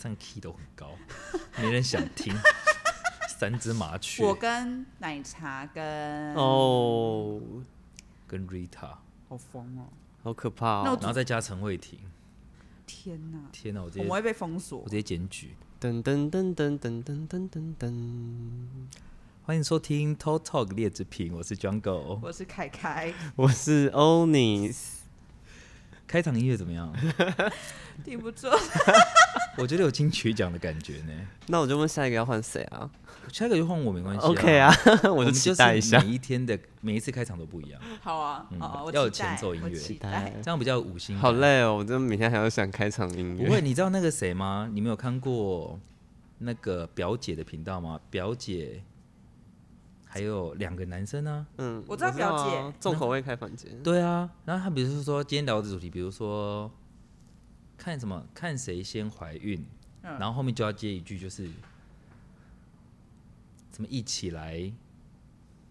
上 key 都很高， 沒人想聽。 三隻麻雀，我跟奶茶跟哦、oh, 跟 Rita，好瘋哦、喔，好可怕、喔。哦。然後再加陳慧婷，天哪、啊，天哪、啊，我直接我們會被封鎖，我直接檢舉。噔噔噔噔噔噔噔，噔噔噔噔噔噔噔噔，歡迎收聽 Talk Talk 劣質品，我是 Jungle，我是凱凱，我是 Onis。我是 開場音樂怎麼樣？ 聽不住中。 我覺得有金曲獎的感覺呢、欸。那我就問下一個要換誰啊？下一個就換我沒關係、啊。Uh, OK 啊， 我就期待一下。我每一天的每一次開場都不一樣。好啊，嗯、好啊，要有前奏音樂，期待，期待這樣比較五星。好累哦，我就每天還要想開場音樂。不會，你知道那個誰嗎？你沒有看過那個表姐的頻道嗎？表姐還有兩個男生啊。嗯，我知道表姐道、啊、重口味開房間。對啊，然後他比如說今天聊的主題，比如說。看什麼？看誰先懷孕？然後後面就要接一句，就是、嗯、什麼一起來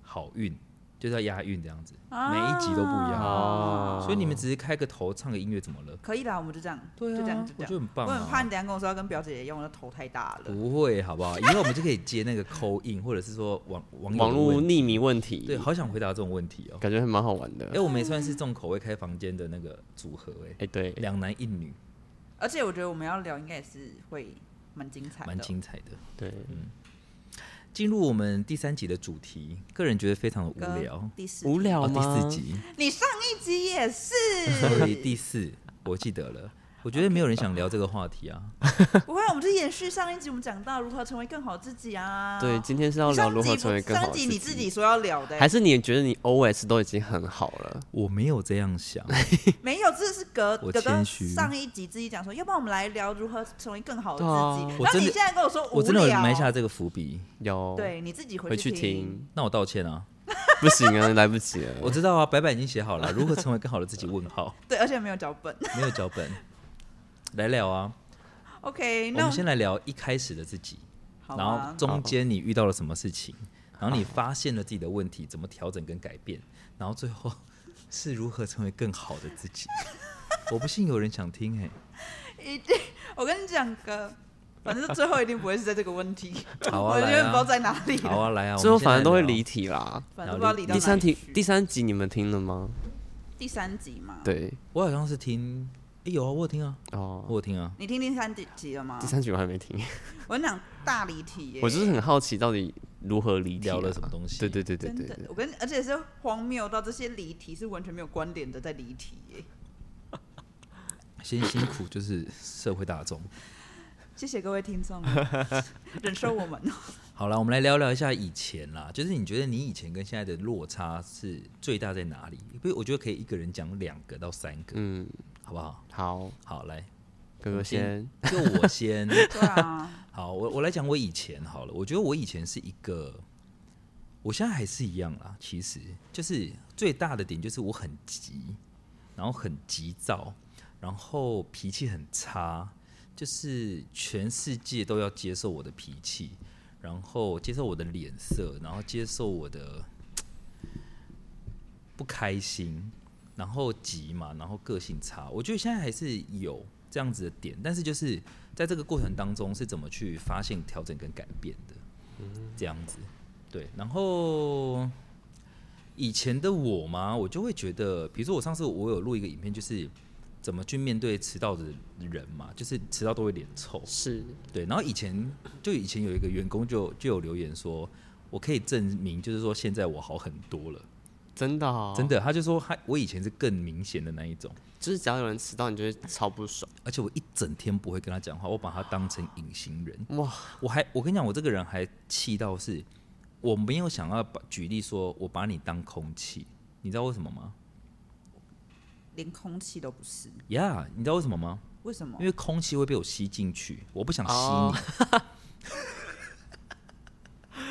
好孕，就是要押韻這樣子、啊。每一集都不一樣、啊，所以你們只是開個頭，唱個音樂，怎麼了？可以的，我們就這樣，對啊，就這樣，就這樣我覺得很棒、啊。我很怕你等下跟我說要跟表姐也用，那頭太大了。不會，好不好？以後我們就可以接那個 call in，或者是說網網網絡、匿名問題。對，好想回答這種問題哦、喔，感覺還蠻好玩的。哎、欸，我們也算是重口味開房間的那個組合、欸，哎、欸、哎、欸，對，兩男一女。而且我覺得我們要聊應該也是會蠻精彩的，蠻精彩的。對，嗯，進入我們第三集的主題，個人覺得非常的無聊。這個、第四無聊啊，第四集，嗯啊，你上一集也是。 所以第四，我記得了。 我覺得沒有人想聊這個話題啊！Okay, uh. 不會，我們是延續上一集，我們講到如何成為更好的自己啊。 對，今天是要聊如何成為更好的自己。上一集你自己說要聊的，欸，還是你覺得你 O S 都已經很好了？我沒有這樣想， 沒有，這是隔隔上一集自己講說，要不然我們來聊如何成為更好的自己。我真的現在跟我說無聊，我真的，我真的有埋下這個伏筆，有對，你自己回去聽。那我道歉啊， 不行啊，來不及了。 我知道啊，白板已經寫好了，如何成為更好的自己？問號。 對，而且沒有腳本，沒有腳本。來了啊，OK，那我們先來聊一開始的自己，啊、然後中間你遇到了什麼事情、啊，然後你發現了自己的問題，啊、怎麼調整跟改變，然後最後是如何成為更好的自己。 我不信有人想聽哎、欸，一定！我跟你講哥，反正最後一定不會是在這個問題， 好啊， 我覺得不知道在哪裡。好啊，來啊，最後、啊啊、反正都會離題啦，反正不離到第三題，第三集你們聽了嗎？第三集嘛，對，我好像是聽。欸，有啊，我有聽啊，哦、oh.，我有聽啊，你聽第三集了嗎？第三集我還沒聽。我跟你講大離題耶，欸。我就是很好奇，到底如何離掉了什麼東西？啊、對，對，對，對對對對對。真的，我跟而且是荒謬到這些離題是完全沒有觀點的在離，欸，在離題。先辛苦就是社會大眾。 謝謝各位聽眾， 忍受我們。好了，我們來聊聊一下以前啦。就是你覺得你以前跟現在的落差是最大在哪裡？不，我覺得可以一個人講兩個到三個，嗯，好不好？好，好，來，哥哥先，嗯、就我先。 啊、好，我我來講我以前好了。我覺得我以前是一個，我現在還是一樣啦。其實就是最大的點就是我很急，然後很急躁，然後脾氣很差，就是全世界都要接受我的脾氣。然後接受我的臉色，然後接受我的不開心，然後急嘛，然後個性差，我覺得現在還是有這樣子的點，但是就是在這個過程當中是怎麼去發現、調整跟改變的，嗯，這樣子，對。然後以前的我嘛，我就會覺得，比如說我上次我有錄一個影片，就是。怎麼去面對遲到的人嘛？就是遲到都會臉臭，是對。然後以前就以前有一個員工就就有留言說，我可以證明，就是說現在我好很多了，真的哦？，真的。他就說他我以前是更明顯的那一種，就是只要有人遲到，你就會超不爽，而且我一整天不會跟他講話，我把他當成隱形人。哇，我還我跟你講，我這個人還氣到是，我沒有想要把舉例說，我把你當空氣，你知道為什麼嗎？連空氣都不是。Yeah，你知道為什麼嗎？為什麼？因為空氣會被我吸進去，我不想吸你。Oh.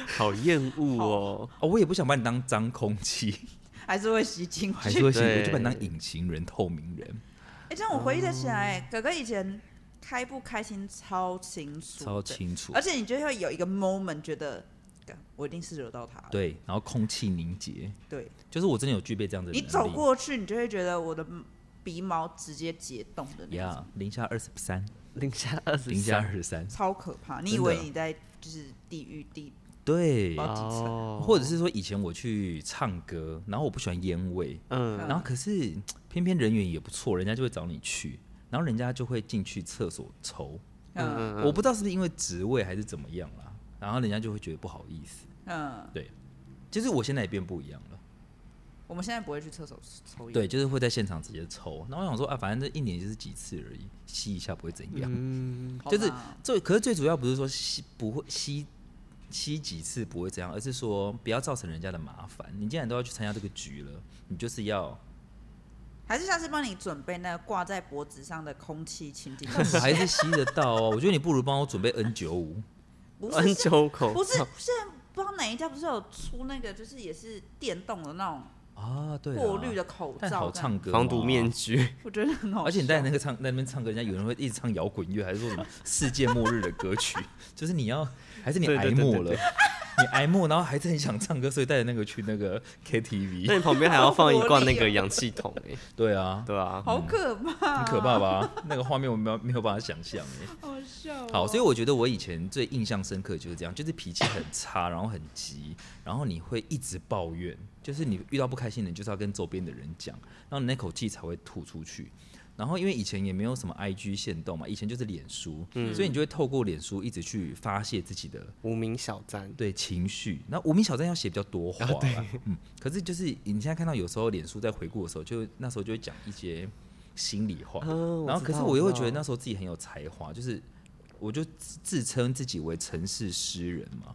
好厭惡哦！哦，oh, 我也不想把你當髒空氣， 還是會吸進去，還是會吸進去，我就把你當隱形人、透明人。哎、欸，這樣我回憶得起來，oh. 哥哥以前開不開心超清楚，超清楚。而且你覺得會有一個 moment 覺得？我一定是惹到他。對，然後空氣凝結，對，就是我真的有具備這樣子的。你走過去，你就會覺得我的鼻毛直接結凍的那種。Yeah, 零下二十三，零下二十零下二十三，超可怕！你以為你在就是地獄地？對、oh，或者是說，以前我去唱歌，然後我不喜歡煙味，嗯，然後可是偏偏人緣也不錯，人家就會找你去，然後人家就會進去廁所抽。嗯，嗯我不知道是不是因為職位還是怎麼樣啦。然後人家就會覺得不好意思。嗯，對。就是我現在也變不一樣了。我們現在不會去廁所抽煙。對，就是會在現場直接抽。那我想說啊，反正這一年就是幾次而已，吸一下不會怎樣。嗯，就是最、哦，可是最主要不是說吸不會吸吸幾次不會怎樣，而是說不要造成人家的麻煩。你既然都要去參加這個局了，你就是要還是下次幫你準備那個掛在脖子上的空氣清淨， 還是吸得到哦、喔。 我覺得你不如幫我準備 N95。不是，不是，現在不，不知道哪一家不是有出那個，就是也是電動的那種的啊，對，過濾的口罩，但好唱歌、哦，防毒面具，我覺得很好。而且你在那個唱那邊唱歌，人家有人會一直唱搖滾樂，還是說什麼世界末日的歌曲， 就是你要還是你挨末了。對對對對對對你挨罵，然後還是很想唱歌，所以帶着那個去那個 KTV。那你旁邊還要放一罐那個氧氣桶哎、欸。 對啊，對啊。嗯、好可怕、啊，很可怕吧？那個畫面我沒有沒有辦法想象哎、欸。好笑、喔。好，所以我覺得我以前最印象深刻的就是這樣，就是脾氣很差，然後很急，然後你會一直抱怨，就是你遇到不開心的，就是要跟周邊的人講，然後你那口氣才會吐出去。然後，因為以前也沒有什麼 IG 限動嘛，以前就是臉書、嗯，所以你就會透過臉書一直去發洩自己的無名小站對情緒。那無名小站要寫比較多話，啊、對，嗯。可是就是你現在看到有時候臉書在回顧的時候就，就那時候就會講一些心裡話、啊。然後可是我又會覺得那時候自己很有才華，就是我就自稱自己為城市詩人嘛。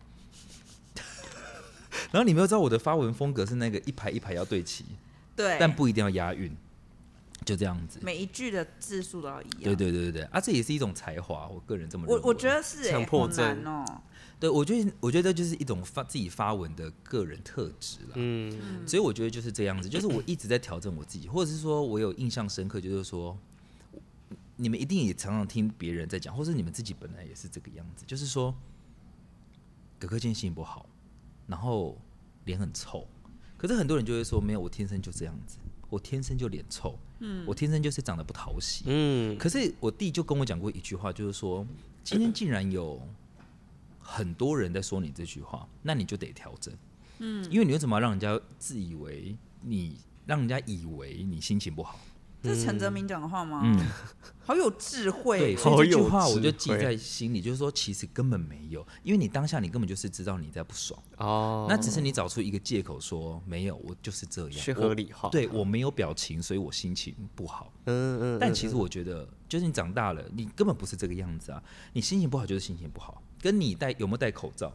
然後你沒有知道我的發文風格是那個一排一排要對齊，對，但不一定要押韻。就這樣子，每一句的字數都要一樣。對對對對啊，這也是一種才華，我個人這麼認為。我我覺得是強迫症哦。對，我覺得我覺得就是一種發自己發文的個人特質了。嗯，所以我覺得就是這樣子，就是我一直在調整我自己，或者是說我有印象深刻，就是說你們一定也常常聽別人在講，或是你們自己本來也是這個樣子，就是說個個性性不好，然後臉很臭，可是很多人就會說沒有，我天生就這樣子。我天生就臉臭，嗯，我天生就是長得不討喜，嗯，可是我弟就跟我講過一句話，就是說，今天既然有很多人在說你這句話，那你就得調整，嗯，因為你為什麼要讓人家自以為你，讓人家以為你心情不好？這是陳澤明講的話嗎？嗯，好有智慧。對，所以這句話我就記在心裡，就是說，其實根本沒有，因為你當下你根本就是知道你在不爽哦，那只是你找出一個借口說沒有，我就是這樣，合理化對，我沒有表情，所以我心情不好。嗯嗯嗯。但其實我覺得，就是你長大了，你根本不是這個樣子啊，你心情不好就是心情不好，跟你戴有沒有戴口罩。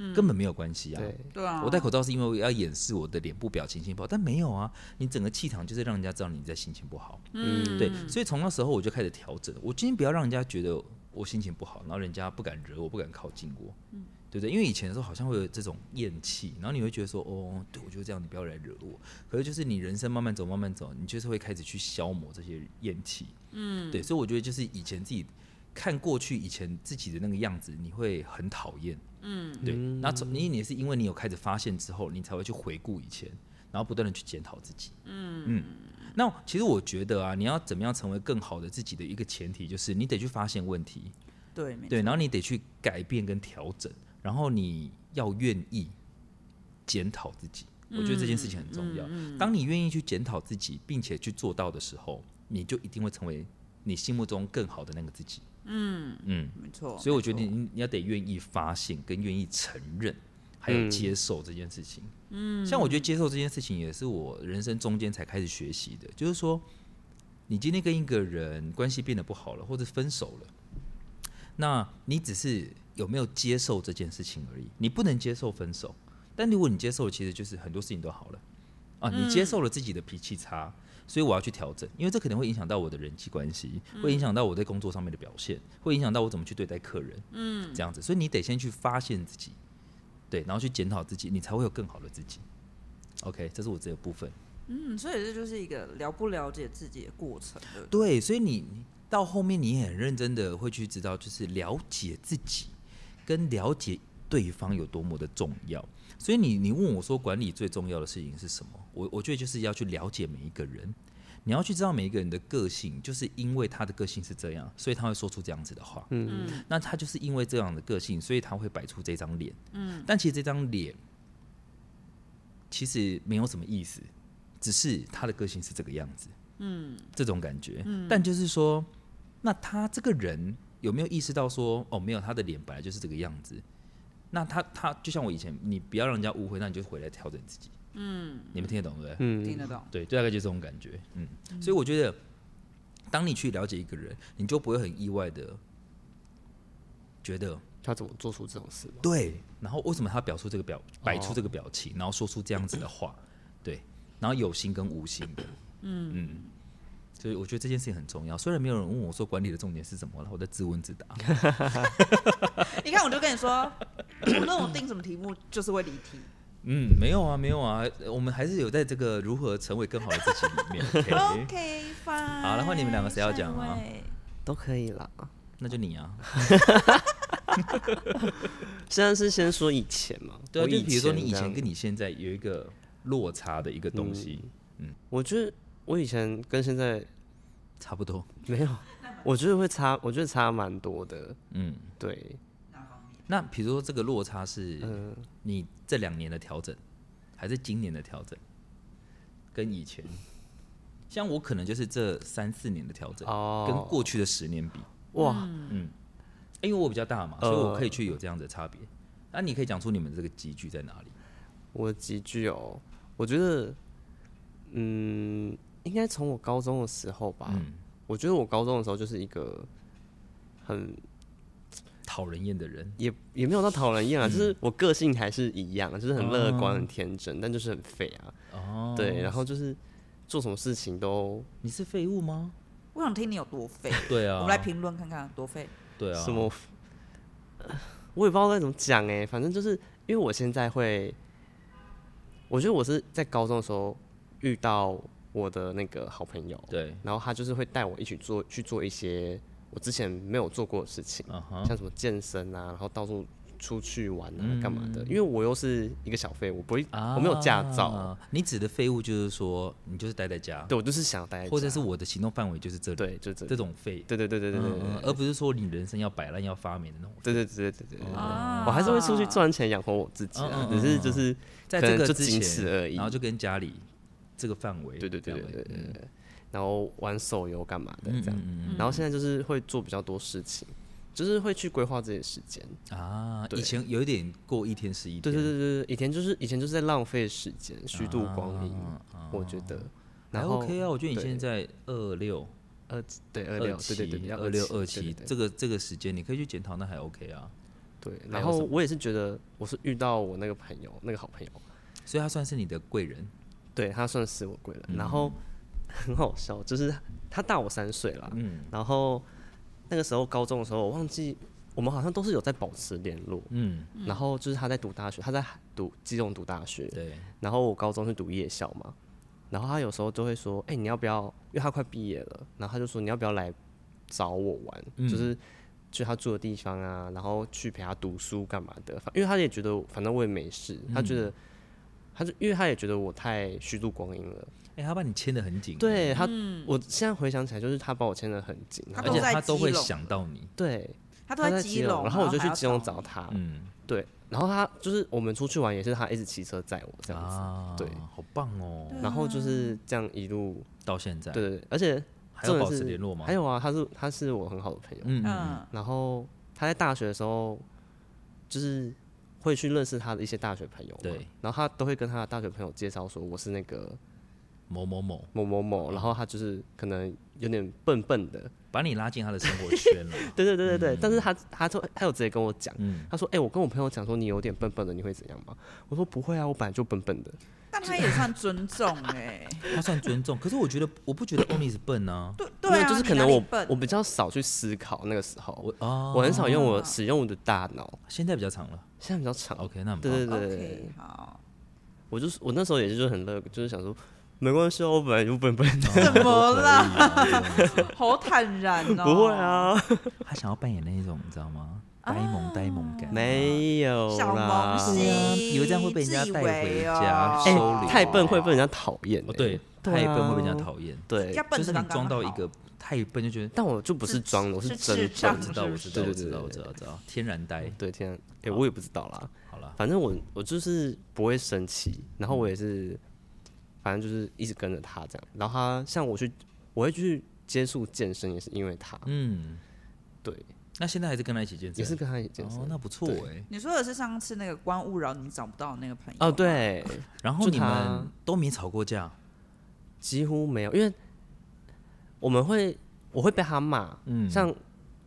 嗯、根本沒有關係啊對！對啊，我戴口罩是因為我要掩飾我的臉部表情，心不好，但沒有啊！你整個氣場就是讓人家知道你在心情不好，嗯，對，所以從那時候我就開始調整，我今天不要讓人家覺得我心情不好，然後人家不敢惹我，不敢靠近我，嗯，對不對？因為以前的時候好像會有這種厭氣，然後你會覺得說，哦，對我就這樣，你不要來惹我。可是就是你人生慢慢走，慢慢走，你就是會開始去消磨這些厭氣，嗯，對，所以我覺得就是以前自己。看過去以前自己的那個樣子，你會很討厭。嗯，對。那總你也是因為你有開始發現之後，你才會去回顧以前，然後不斷的去檢討自己。嗯嗯。那其實我覺得啊，你要怎麼樣成為更好的自己的一個前提，就是你得去發現問題。對對。然後你得去改變跟調整，然後你要願意檢討自己，嗯。我覺得這件事情很重要。嗯嗯，當你願意去檢討自己，並且去做到的時候，你就一定會成為你心目中更好的那個自己。嗯嗯，沒錯，所以我覺得你你，你要得願意發現，跟願意承認，還有接受這件事情。嗯，像我覺得接受這件事情，也是我人生中間才開始學習的。嗯。就是說，你今天跟一個人關係變得不好了，或者分手了，那你只是有沒有接受這件事情而已。你不能接受分手，但如果你接受，其實就是很多事情都好了啊。嗯。你接受了自己的脾氣差，所以我要去調整，因為這可能會影響到我的人際關係，會影響到我在工作上面的表現，嗯、會影響到我怎麼去對待客人。嗯，這樣子，所以你得先去發現自己，對，然後去檢討自己，你才會有更好的自己。OK，這是我這個部分。嗯，所以這就是一個了不了解自己的過程。對，對，對，所以你到後面你也很認真的會去知道，就是了解自己跟了解對方有多麼的重要。所以你你問我說，管理最重要的事情是什麼？我我覺得就是要去了解每一個人，你要去知道每一個人的個性，就是因為他的個性是這樣，所以他會說出這樣子的話。嗯，那他就是因為這樣的個性，所以他會擺出這張臉。嗯，但其實這張臉其實沒有什麼意思，只是他的個性是這個樣子。嗯，這種感覺。但就是說，那他這個人有沒有意識到說，哦，沒有，他的臉本來就是這個樣子。那他他就像我以前，你不要讓人家誤會，那你就回來調整自己。嗯，你們聽得懂對不對、嗯、聽得懂，對，就大概就這種感覺嗯。嗯，所以我覺得，當你去了解一個人，你就不會很意外的覺得他怎麼做出這種事。對，然後為什麼他表述這個表擺出這個表情、哦，然後說出這樣子的話？對，然後有心跟無心的。嗯嗯，所以我覺得這件事情很重要。雖然沒有人問我說管理的重點是什麼了，我在自問自答。 你看，我就跟你說，無論 我定什麼題目，就是會離題。嗯，沒有啊，沒有啊，我們還是有在這個如何成為更好的自己裡面。 OK. Okay, fine, 好，然後你們兩個誰要講啊？都可以了，那就你啊。 現在是先說以前嘛，對啊，就比如說你以前跟你現在有一個落差的一個東西。嗯，嗯，我覺得我以前跟現在差不多，沒有，我覺得會差，我覺得差蠻多的。嗯，對。那比如說這個落差是，你這兩年的調整、呃，還是今年的調整，跟以前，像我可能就是這三四年的調整、哦，跟過去的十年比，哇，嗯，欸、因為我比較大嘛、呃，所以我可以去有這樣的差別、呃。那你可以講出你們這個集聚在哪裡？我集聚哦、喔，我覺得，嗯，應該從我高中的時候吧、嗯，我覺得我高中的時候就是一個很，討人厭的人也也沒有那麼討人厭啊、嗯，就是我個性還是一樣，就是很樂觀、oh. 很天真，但就是很廢啊。哦、oh.，對，然後就是做什麼事情都、oh. 你是廢物嗎？我想聽你有多廢。 對啊，我們來評論看看多廢。對啊，什麼？我也不知道該怎麼講哎、欸，反正就是因為我現在會，我覺得我是在高中的時候遇到我的那個好朋友，對，然後他就是會帶我一起做去做一些。我之前沒有做過的事情，uh -huh. 像什麼健身啊，然後到處出去玩啊，uh -huh. 幹嘛的？因為我又是一個小廢物，不會，uh -huh. 我沒有駕照。Uh -huh. 你指的廢物就是說，你就是待在家，對我就是想待在家，或者是我的行動範圍就是這裡，就這，這種廢，對對對對對對、uh -huh. 而不是說你人生要擺爛要發霉的那種。Uh -huh. 對對對對對、對、uh -huh. 我還是會出去賺錢養活我自己，啊，uh -huh. 只是就是就僅此而已、uh -huh. 在這個之前，然後就跟家裡這個範圍，對對對對對、對、對。嗯然後玩手遊幹嘛的這樣，然後現在就是會做比較多事情，就是會去規劃這些時間啊。以前有一點過一天是一天，對對對對，以前就是以前就是在浪費時間、虛度光陰，啊啊啊啊我覺得。還 OK 啊，我覺得你現在二六二對二六,二對，二六二七對對對，二,七對、對、對二六二七這個這個時間你可以去檢討，那還 OK 啊。對，然後我也是覺得我是遇到我那個朋友那個好朋友，所以他算是你的貴人，對，他算是我貴人，然後。嗯很好笑，就是他大我三歲啦，嗯，然後那個時候高中的時候，我忘記我們好像都是有在保持聯絡，嗯，然後就是他在讀大學，他在讀基隆讀大學，對，然後我高中是讀夜校嘛，然後他有時候就會說，哎，欸，你要不要？因為他快畢業了，然後他就說，你要不要來找我玩，嗯？就是去他住的地方啊，然後去陪他讀書幹嘛的？因為他也覺得反正我也沒事，嗯，他覺得。他就因為他也覺得我太虛度光陰了，哎、欸，他把你牽得很緊。對他、嗯，我現在回想起來，就是他把我牽得很緊，而且他都會想到你。對他都在基，對他在基隆，然後我就去基隆找他。嗯，對，然後他就是我們出去玩，也是他一直騎車載我這樣子。啊、對，好棒哦、喔。然後就是這樣一路到現在。對，對，對，而且還有保持聯絡嗎？還有啊，他是他是我很好的朋友。嗯，嗯，嗯。然後他在大學的時候，就是。會去認識他的一些大學朋友，對，然後他都會跟他的大學朋友介紹說我是那個某某某某，某某某，然後他就是可能有點笨笨的，把你拉進他的生活圈了。 對對對對對，嗯、但是他他就他有直接跟我講，嗯、他說哎、欸，我跟我朋友講說你有點笨笨的，你會怎樣嗎？我說不會啊，我本來就笨笨的。但他也算尊重，哎、欸， 他算尊重，可是我覺得我不覺得 Onis 是笨啊，對對咳咳就是可能我咳咳我比較少去思考那個時候，我、啊、我很少用我、啊、使用我的大腦，現在比較長了，現在比較長，OK，那對對對對，okay, 好，我就我那時候也是就很樂就是想說沒關係，我本來就笨笨的、啊，怎麼了？ 好坦然哦，不會啊， 他想要扮演那一種，你知道嗎？呆萌呆萌感的、哦、沒有啦，有這樣會被人家帶回家收留。太笨會被人家討厭，對，太笨會被人家討厭、欸啊。對，就是你裝到一個太笨就覺得，但我就不是裝的，我是真的。不知道我是對，就知道我知道知道。天然呆，對天然。哎、欸，我也不知道啦。好啦，反正我我就是不會生氣，然後我也是，反正就是一直跟着他這樣。然後他像我去，我會去接觸健身也是因為他。嗯，對。那現在還是跟他一起健身？也是跟他一起健身，哦，那不錯哎。你說的是上次那個關勿擾你找不到那個朋友哦？對。然後你們都沒吵過架？幾乎沒有，因為我們會我會被他罵，嗯，像。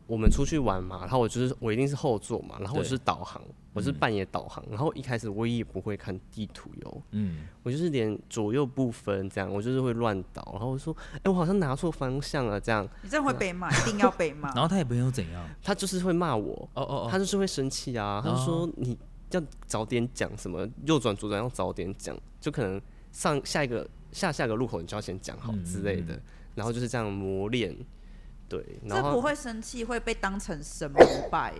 我們出去玩嘛，然後我就是我一定是後座嘛，然後我是導航，我是半夜導航，嗯，然後一開始我也不會看地圖喲。嗯，我就是連左右不分這樣，我就是會亂導，然後我說，哎，欸，我好像拿錯方向了這樣。你這樣會被罵，一定要被罵。 然後他也不會怎樣，他就是會罵我，哦哦，他就是會生氣啊，他就說你要早點講什麼，哦，右轉左轉要早點講，就可能上下一個下下個路口你就要先講好，嗯，之類的，嗯，然後就是這樣磨練。那不會生氣會被當成神明拜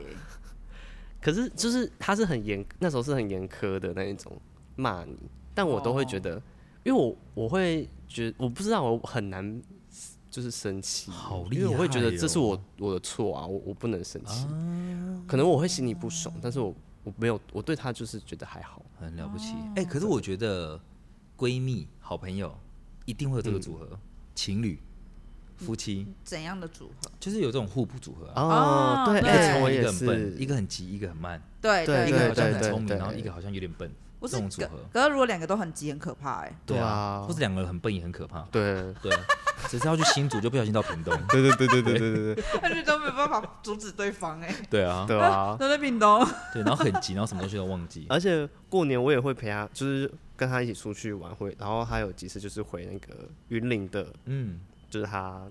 可是就是他是很嚴，那時候是很嚴苛的那一種罵你，但我都會覺得，哦、因為我我會覺，我不知道我很難就是生氣，哦、因為我會覺得這是我我的錯啊，我我不能生氣，啊、可能我會心裡不爽、啊，但是我我沒有我對他就是覺得還好，很了不起，哎、啊欸，可是我覺得閨蜜好朋友一定會有這個組合，嗯、情侶。夫妻怎樣的組合？就是有這種互補組合啊、哦，對，一個，一個很笨，一個很急，一個很慢，對對，一個好像很聰明，然後一個好像有點笨，這種組合。可，可是如果兩個都很急，很可怕哎、欸。對啊，或者兩個人很笨也很可怕。對、啊對，啊、對，只是要去新竹就不小心到屏東。對對對對對對對對，對對。而且都沒有辦法阻止對方哎、欸 啊。對啊，對啊，都在屏東。 對，然後很急，然後什麼東西都忘記。而且過年我也會陪他，就是跟他一起出去玩會。然後還有幾次就是回那個雲林的，嗯。就是他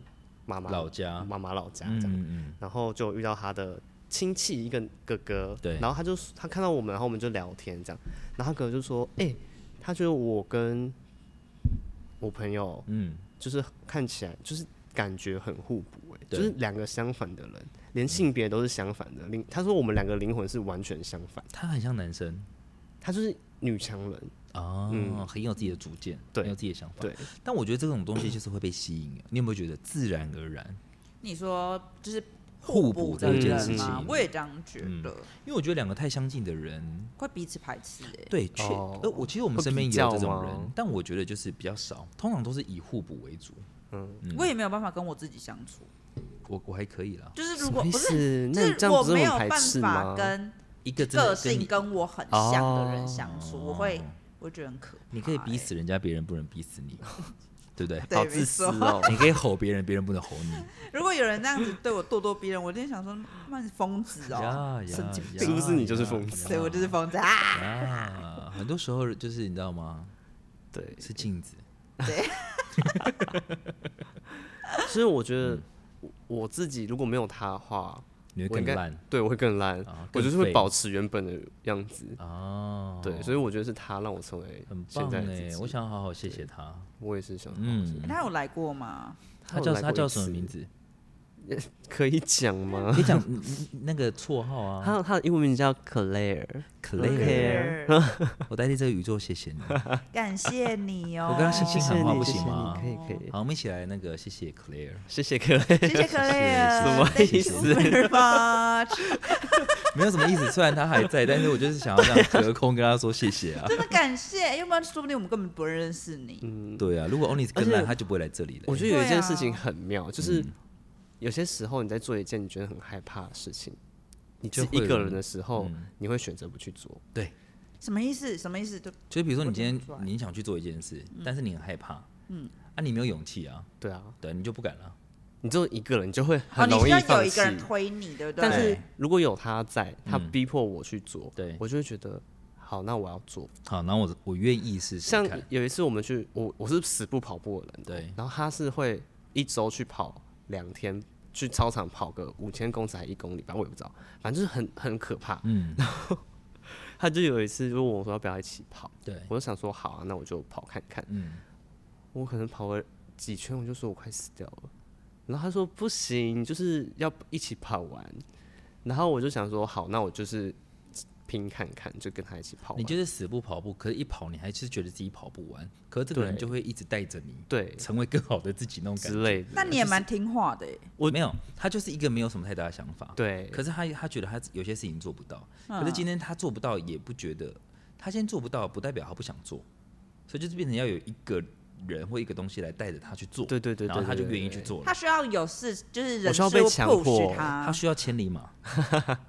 媽媽老家，媽媽老家這樣，然後就遇到他的親戚一個哥哥，然後他就他看到我們，然後我們就聊天這樣，然後他哥哥就說：“哎，他覺得我跟我朋友，嗯，就是看起來就是感覺很互補，哎，就是兩個相反的人，連性別都是相反的，他說我們兩個靈魂是完全相反，他很像男生，他就是女強人。”哦、啊嗯，很有自己的主見，對，很有自己的想法。對，但我覺得這種東西就是會被吸引。你有沒有覺得自然而然？你說就是互補這件事情，我也這樣覺得。嗯、因為我覺得兩個太相近的人會彼此排斥、欸。哎，對，確。呃、哦，而我其實我們身邊也有這種人，但我覺得就是比較少。通常都是以互補為主。嗯，嗯我也沒有辦法跟我自己相處。我我還可以啦。就是如果不是，那、就是、我沒有辦法跟一個個性跟我很像的人相處，啊、我會。我覺得很可，欸，你可以逼死人家，別人不能逼死你， 對不 對？好自私哦！ 你可以吼別人，別人不能吼你。 如果有人這樣子對我咄咄逼人，我今天想說，那是瘋子哦 yeah, yeah,！是不是你就是瘋子， yeah, yeah, yeah, 所以我就是瘋子啊！Yeah, yeah, 很多時候就是你知道嗎？對，是鏡子。 對， 所以我覺得，嗯、我自己如果沒有他的話。你會更爛，對，我會更爛、啊，我就是會保持原本的樣子、哦、對，所以我覺得是他讓我成為現在的自己、欸、我想好好謝謝他，我也是想好好。嗯、欸，他有來過嗎？他，他叫他叫什麼名字？可以講嗎？你講那個綽號啊，他 他的英文名叫 Claire，Claire，Claire,、okay. 我代替這個宇宙謝謝你，感謝你哦。我跟他信心喊話不行嗎？謝謝可以可以。好，我們一起來那個謝謝 Claire，謝謝 Claire，謝謝 Claire，, 謝謝 Claire 什麼意思？ 沒有什麼意思，雖然他還在，但是我就是想要這樣隔空跟他說謝謝啊。 真的感謝，要不然說不定我們根本不認識你。嗯，對啊，如果 Onis 跟來他就不會來這裡了。我覺得有一件事情很妙，啊、就是。嗯有些時候你在做一件你覺得很害怕的事情，你就一個人的時候，嗯、你會選擇不去做。對，什麼意思？什麼意思？就就比如說，你今天你想去做一件事，嗯，但是你很害怕，嗯，啊，你沒有勇氣啊，對啊，對你就不敢了。你就一個人，你就會很容易放棄，啊，有一個人推你，對不對？但是如果有他在，他逼迫我去做，對我就會覺得好，那我要做好，那我我願意是像有一次我們去，我我是死不跑步的人，對，然後他是會一周去跑兩天。去操場跑個五千公尺還一公里吧。我也不知道，反正就是很很可怕。嗯，然後他就有一次，就問我說要不要一起跑？對，我就想說好啊，那我就跑看看。嗯，我可能跑了幾圈，我就說我快死掉了。然後他說不行，就是要一起跑完。然後我就想說好，那我就是。拼看看，就跟他一起跑。你就是死不跑步，可是一跑你還是覺得自己跑不完。可是這個人就會一直帶着你，對，成為更好的自己那種感覺。之類的就是、那你也蠻聽話的，我沒有，他就是一個沒有什麼太大的想法。對，可是他他覺得他有些事情做不到，可是今天他做不到也不覺得，他今天做不到不代表他不想做，所以就是變成要有一個。人或一個東西來帶着他去做，對對對，對，然後他就願意去做了。他需要有事，就是人需要被強迫他，他需要千里馬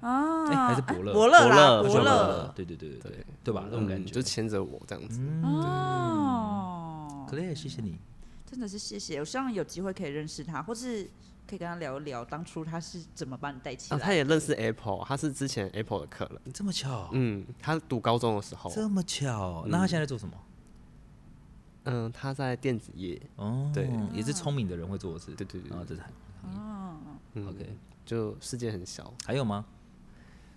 哦、 啊欸，還是伯樂，伯樂，伯，樂伯樂，伯樂，對對對對對，對吧、嗯？那種感覺就牽着我這樣子、嗯、哦。可樂，謝謝你、嗯，真的是謝謝。我希望有機會可以認識他，或是可以跟他聊一聊當初他是怎麼把你帶起來的、啊。他也認識 Apple，他是之前 Apple 的客人，你這麼巧，嗯，他讀高中的時候，這麼巧。嗯、那他現在，在做什麼？嗯、呃，他在電子業，哦，對，也是聰明的人會做的事、哦。對對對，這是。很、嗯，哦、嗯、，OK，就世界很小。還有嗎？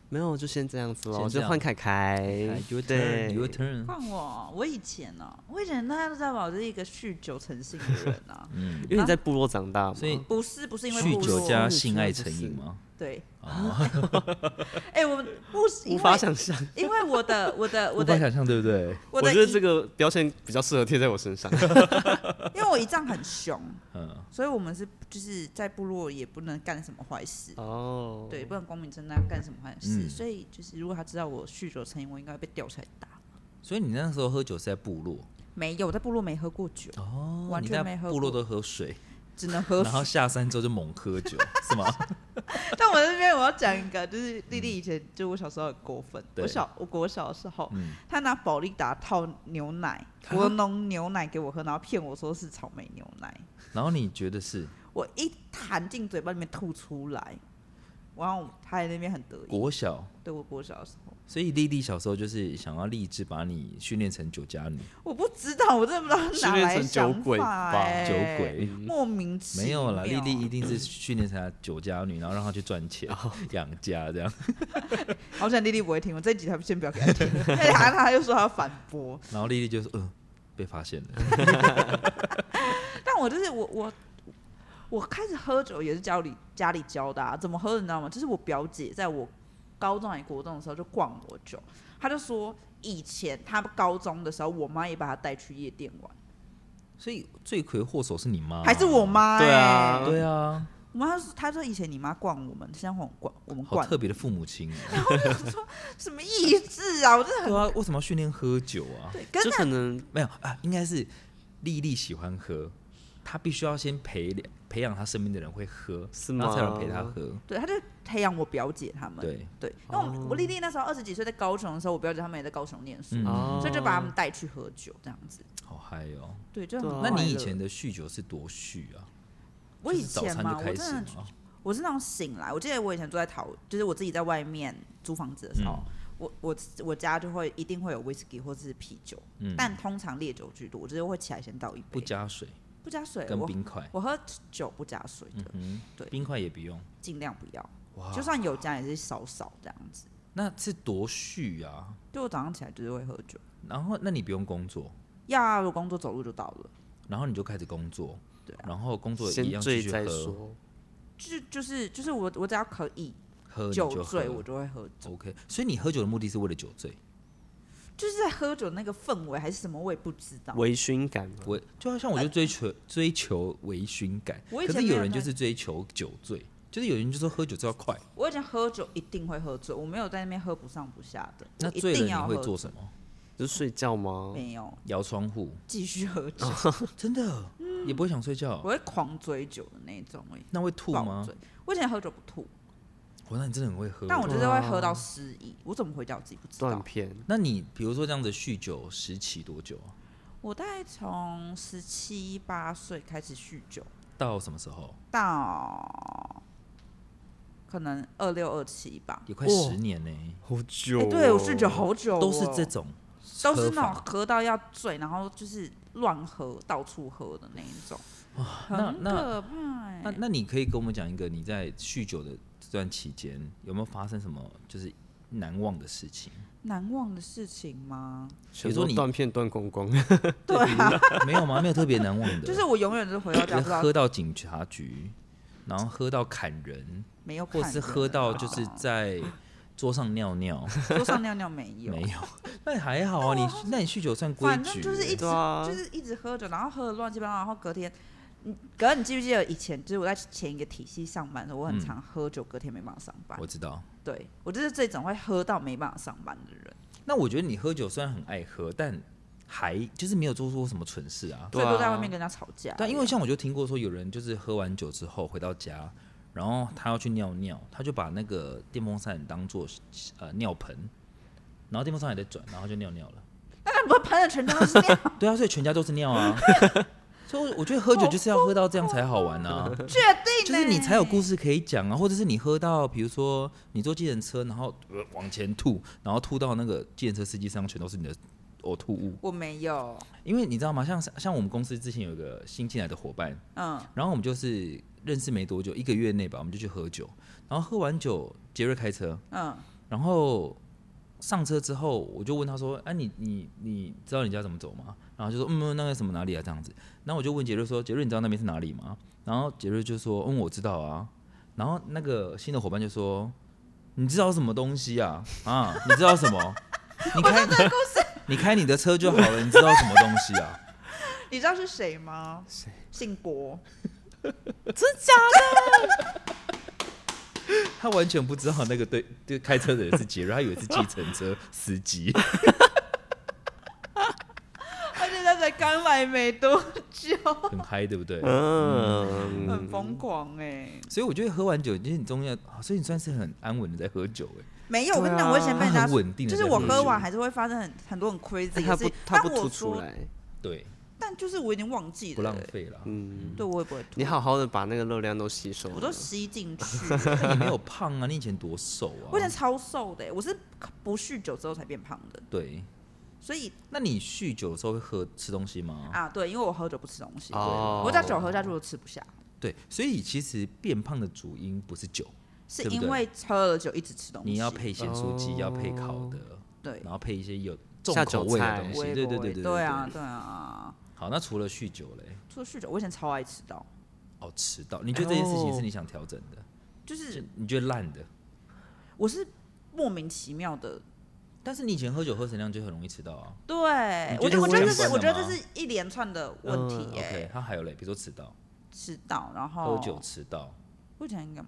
沒有，就先這樣子嘍。就換凱凱，turn, 對，換我。我以前呢、啊，我以前大家都知道我是一個酗酒成性的人啊。嗯， 因為你在部落長大嘛、啊，所以不是不是因為酗酒加性愛成癮嗎？不是不是？對。哎、啊欸 欸，我們不是無法想象。 我的我的我的，無法想象對不對？我覺得這個標籤比較適合貼在我身上， 因為我姨丈很凶，嗯 ，所以我們是就是在部落也不能幹什麼壞事哦，oh. 對，不能光明正大幹什麼壞事，mm. 所以就是如果他知道我酗酒的成因，我應該會被吊起來打。所以你那時候喝酒是在部落？沒有，在部落沒喝過酒，oh, 完全沒喝過，部落都喝水。只能喝， 然後下山之後就猛喝酒， 是嗎？但我這邊我要講一個，就是弟弟以前就我小時候很過分。對。我小我我小的時候，嗯、他拿保力達泡牛奶，我、嗯、弄牛奶給我喝，然後騙我說是草莓牛奶。然後你覺得是？我一彈進嘴巴裡面吐出來。然後他在那邊很得意。國小。對，我國小的時候。所以莉莉小時候就是想要立志把你訓練成酒家女。我不知道，我真的不知道。她哪來的酒鬼吧，酒鬼、嗯。莫名其妙。沒有啦，莉莉一定是訓練成她酒家女、嗯，然後讓她去賺錢養家這樣。 好像莉莉不會聽，我這幾條先不要給她聽。他 他 又說他要反駁，然後莉莉就說嗯、呃，被發現了。 但我就是我我。我我開始喝酒也是家裡家裡教的啊，怎麼喝你知道嗎？就是我表姐在我高中還國中的時候就灌我酒，她就說以前她高中的時候，我媽也把她帶去夜店玩。所以罪魁禍首是你媽，還是我媽？對啊，對啊。我媽說，她說以前你媽灌我們，現在我灌我們。好特別的父母親。然後我就說什麼意志啊， 我真的很……為什麼要訓練喝酒啊？對可可就可能沒有啊，應該是麗麗喜歡喝，她必須要先陪兩。培養他身邊的人會喝，是嗎？然後才能陪他喝。對，他就培養我表姐他們。對對。那我、oh. 我麗麗那時候二十幾歲，在高雄的時候，我表姐他們也在高雄念書，oh. 所以就把他們帶去喝酒這樣子。好嗨哦！對，就、oh. 那，你的是啊對啊，那你以前的酗酒是多酗啊？我以前嘛，就是，就我真的我是那種醒來，我記得我以前住在桃，就是我自己在外面租房子的時候，嗯、我我我家就會一定會有威士忌或者是啤酒，嗯，但通常烈酒居多，我直接會起來先倒一杯，不加水。不加水，跟冰塊。我我喝酒不加水的，嗯、對，冰塊也不用，盡量不要，哇就算有加也是少少這樣子。那是多續呀、啊，就我早上起來就是會喝酒，然後那你不用工作？要呀、啊，我工作走路就到了，然後你就開始工作？對、啊，然後工作也一樣繼續喝，先醉再說，就就是就是我我只要可以酒喝，喝，喝酒醉我就會喝酒，OK。所以你喝酒的目的是為了酒醉。就是在喝酒那個氛圍還是什麼，我也不知道微。微醺感，微就好像我就追求追求微醺感、欸。可是有人就是追求酒醉，就是有人就是說喝酒就要快。我以前喝酒一定會喝醉，我沒有在那邊喝不上不下的。那醉了你會做什麼？就是睡覺嗎？沒有，搖窗戶，繼續喝酒。 真的，也不會想睡覺、啊嗯。我會狂追酒的那種，哎，那會吐嗎？我以前喝酒不吐。哇，那你真的很會喝。但我覺得會喝到失憶，啊，我怎麼回家我自己不知道。斷片。那你比如說這樣子酗酒時期多久啊？我大概從十七八歲開始酗酒，到什麼時候？到可能二六二七吧，有快十年呢，欸，好久哦。哎，欸，對，我酗酒好久，都是這種，都是那種喝到要醉，然後就是亂喝，到處喝的那一種。哦、那那可怕那、欸、那，那你可以跟我們講一個你在酗酒的這段期間有沒有發生什麼就是難忘的事情？難忘的事情嗎？比如說你斷片斷光光，對 沒有嗎？沒有特別難忘的，就是我永遠都回到家， 喝到警察局，然後喝到砍人，沒有砍、啊，或者是喝到就是在桌上尿尿，啊、桌上尿尿沒有， 沒有，那你還好啊，你啊那你酗酒算規矩就、啊，就是一直就是一直喝酒，然後喝得亂七八糟，然後隔天。哥，你記不記得以前就是我在前一個體系上班的時候，我很常喝酒，隔天沒辦法上班、嗯。我知道。對，我就是這種會喝到沒辦法上班的人。那我覺得你喝酒雖然很愛喝，但還就是沒有做出什麼蠢事啊，對啊，都在外面跟人家吵架、啊。但、啊啊、因為像我就聽過說，有人就是喝完酒之後回到家，然後他要去尿尿，他就把那個電風扇當做呃尿盆，然後電風扇也在轉，然後就尿尿了。那他不會噴了，全都是。尿。 對啊，所以全家都是尿啊。 所以我覺得喝酒就是要喝到這樣才好玩呢、絕對。對，就是你才有故事可以講啊，或者是你喝到，比如說你坐計程車，然後、呃、往前吐，然後吐到那個計程車司機上，全都是你的嘔吐物。我沒有，因為你知道嗎？像像我們公司之前有個新進來的夥伴，嗯，然後我們就是認識沒多久，一個月內吧，我們就去喝酒，然後喝完酒，杰瑞開車，嗯，然後上車之後，我就問他說：“哎，你你你知道你家怎麼走嗎？”然後就說嗯，那個什麼哪裡啊這樣子，然後我就問傑瑞說：“傑瑞，你知道那邊是哪裡嗎？”然後傑瑞就說：“嗯，我知道啊。”然後那個新的夥伴就說：“你知道什麼東西啊？啊，你知道什麼？ 你開 你開你的車就好了。 你知道什麼東西啊？你知道是誰嗎？誰？姓郭。 真的假的？ 他完全不知道那個對對開車的人是傑瑞，他以為是計程車司機。 ”.還沒多久，很嗨，對不對？Uh, 嗯，很瘋狂哎、欸。所以我覺得喝完酒已經很重要、啊，所以你算是很安穩的在喝酒哎、欸。沒有，我跟你講，我以前被人家說就是我喝完還是會發生很很多很 crazy，他不，他不吐出來，但我說出來，對。但就是我已經忘記了，不浪費了，嗯，對我也不會吐。你好好的把那個熱量都吸收，我都吸進去， 你沒有胖啊！你以前多瘦啊！我以前超瘦的、欸，我是不，不酗酒之後才變胖的，對。所以，那你酗酒的時候會喝吃東西嗎？啊，對，因為我喝酒不吃東西，對哦、我叫酒喝下去，都吃不下。對，所以其實變胖的主因不是酒，是因為對對喝了酒一直吃東西。你要配鹹酥雞，要配烤的，對，然後配一些有重口味的東西，對對對對對，對,對、啊。對啊，對啊。好，那除了酗酒嘞？除了酗酒，我以前超愛遲到。哦，遲到，你覺得這件事情、哎哦、是你想調整的？就是你覺得爛的？我是莫名其妙的。但是你以前喝酒喝成那樣，就很容易遲到啊。對，覺得我，我覺得，我覺得是，我覺得這是，一連串的問題耶、欸呃。OK，他、啊、還有嘞，比如說遲到。遲到，然後。喝酒遲到。我以前應該。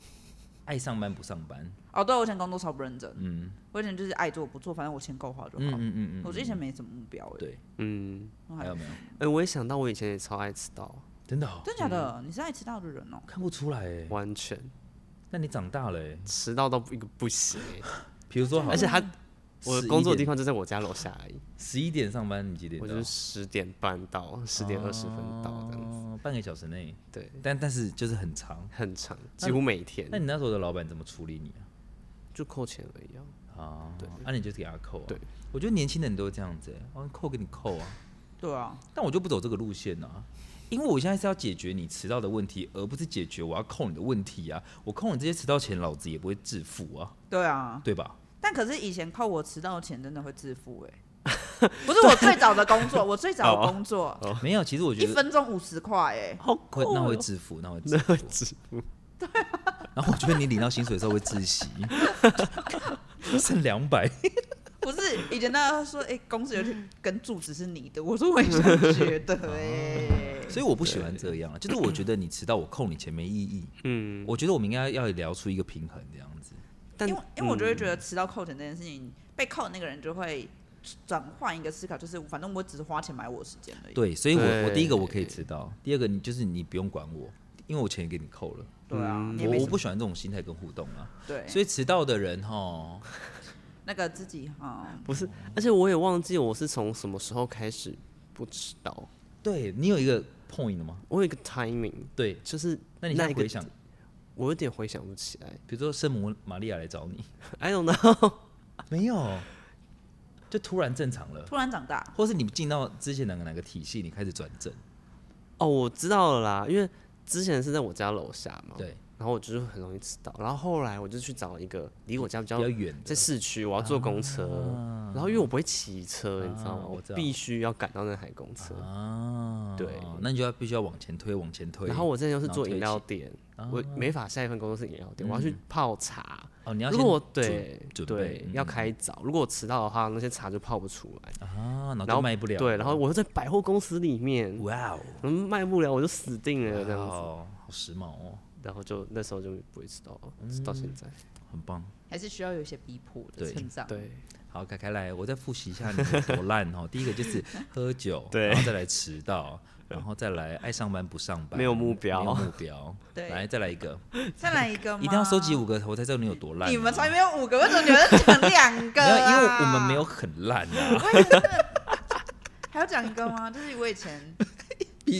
愛上班不上班？哦，對，我以前工作超不認真。嗯，我以前就是愛做不做，反正我錢夠花就好。嗯嗯嗯，嗯我之前沒什麼目標耶、欸。對，嗯。Okay. 還有沒有。哎、欸，我也想到，我以前也超愛遲到。真的、哦？真假的假的？你是愛遲到的人哦。看不出來哎、欸，完全。但你長大了、欸，遲到不一個不行、欸。比 如說好像對，而且他。我工作的地方就在我家樓下而已，十一點上班，你幾點到，我就十點半到，十、啊、點二十分到這樣子，半個小時內。對，但但是就是很長，很長，幾乎每天。那，那你那時候的老板怎麼處理你啊？就扣錢而已啊。啊對，對，對，那、啊、你就是給他扣、啊。對，我覺得年輕的人都這樣子、欸，我要扣給你扣啊。對啊。但我就不走這個路線呢、啊，因為我現在是要解決你遲到的問題，而不是解決我要扣你的問題啊。我扣你這些遲到錢，老子也不會致富啊。對啊，對吧？但可是以前扣我遲到的錢真的會致富哎、欸，不是我最早的工作，我最早的工作、 啊啊啊、沒有，其實我覺得一分鐘五十塊哎，那會致富，那會致富，對、啊，然後我覺得你領到薪水的時候會窒息， 剩兩百，不是以前那說哎、欸、公司有根柱子是你的，我是為什麼覺得哎、欸 啊，所以我不喜歡這樣，就是我覺得你遲到我扣你錢沒意義，嗯，我覺得我們應該要聊出一個平衡這樣子。因為，因為我就會覺得遲到扣錢這件事情、嗯，被扣的那個人就會轉換一個思考，就是反正我只是花錢買我的時間而已。對，所以我我第一個我可以遲到，對對對，第二個你就是你不用管我，因為我錢給你扣了。對啊，我、嗯、我不喜歡這種心態跟互動啊。對，所以遲到的人哈， 那個自己哈、嗯，不是，而且我也忘記我是從什麼時候開始不遲到。對，你有一個 point 了嗎？我有一個 timing。對，就是那你、個，就是、那一個。我有點回想不起來，比如說聖母瑪利亞來找你，I don't know，沒有，就突然正常了，突然長大，或是你進到之前那個那個體系，你開始轉正。哦，我知道了啦，因為之前是在我家樓下嘛。對。然後我就是很容易遲到，然後後來我就去找一個離我家比較遠，在市區，我要坐公車、啊。然後因為我不會騎車、啊，你知道嗎？我，我必須要趕到那台公車。啊，對，那你就要必須要往前推，往前推。然後我現在又是做飲料店、啊，我沒法下一份工作是飲料店、嗯，我要去泡茶。哦、如果對對、嗯、要開早，如果我遲到的話，那些茶就泡不出來啊，然後賣不了、啊。對，然後我就在百貨公司裡面，哇、wow，我賣不了我就死定了這樣子。Wow、好時髦哦。然後就那時候就不會遲到，直到現在、嗯，很棒。還是需要有一些逼迫的成長。對，好，凱凱來，我再複習一下你有多爛哦、喔。 第一個就是喝酒，對， 再來遲到然來，然後再來愛上班不上班，沒有目標，沒有目標。 對，來再來一個，再來一個， 一定要收集五個，我才知道你有多爛。你們才沒有五個，為什麼你們講兩個？ 因為我們沒有很爛啊。 還要講一個嗎？就是我以前。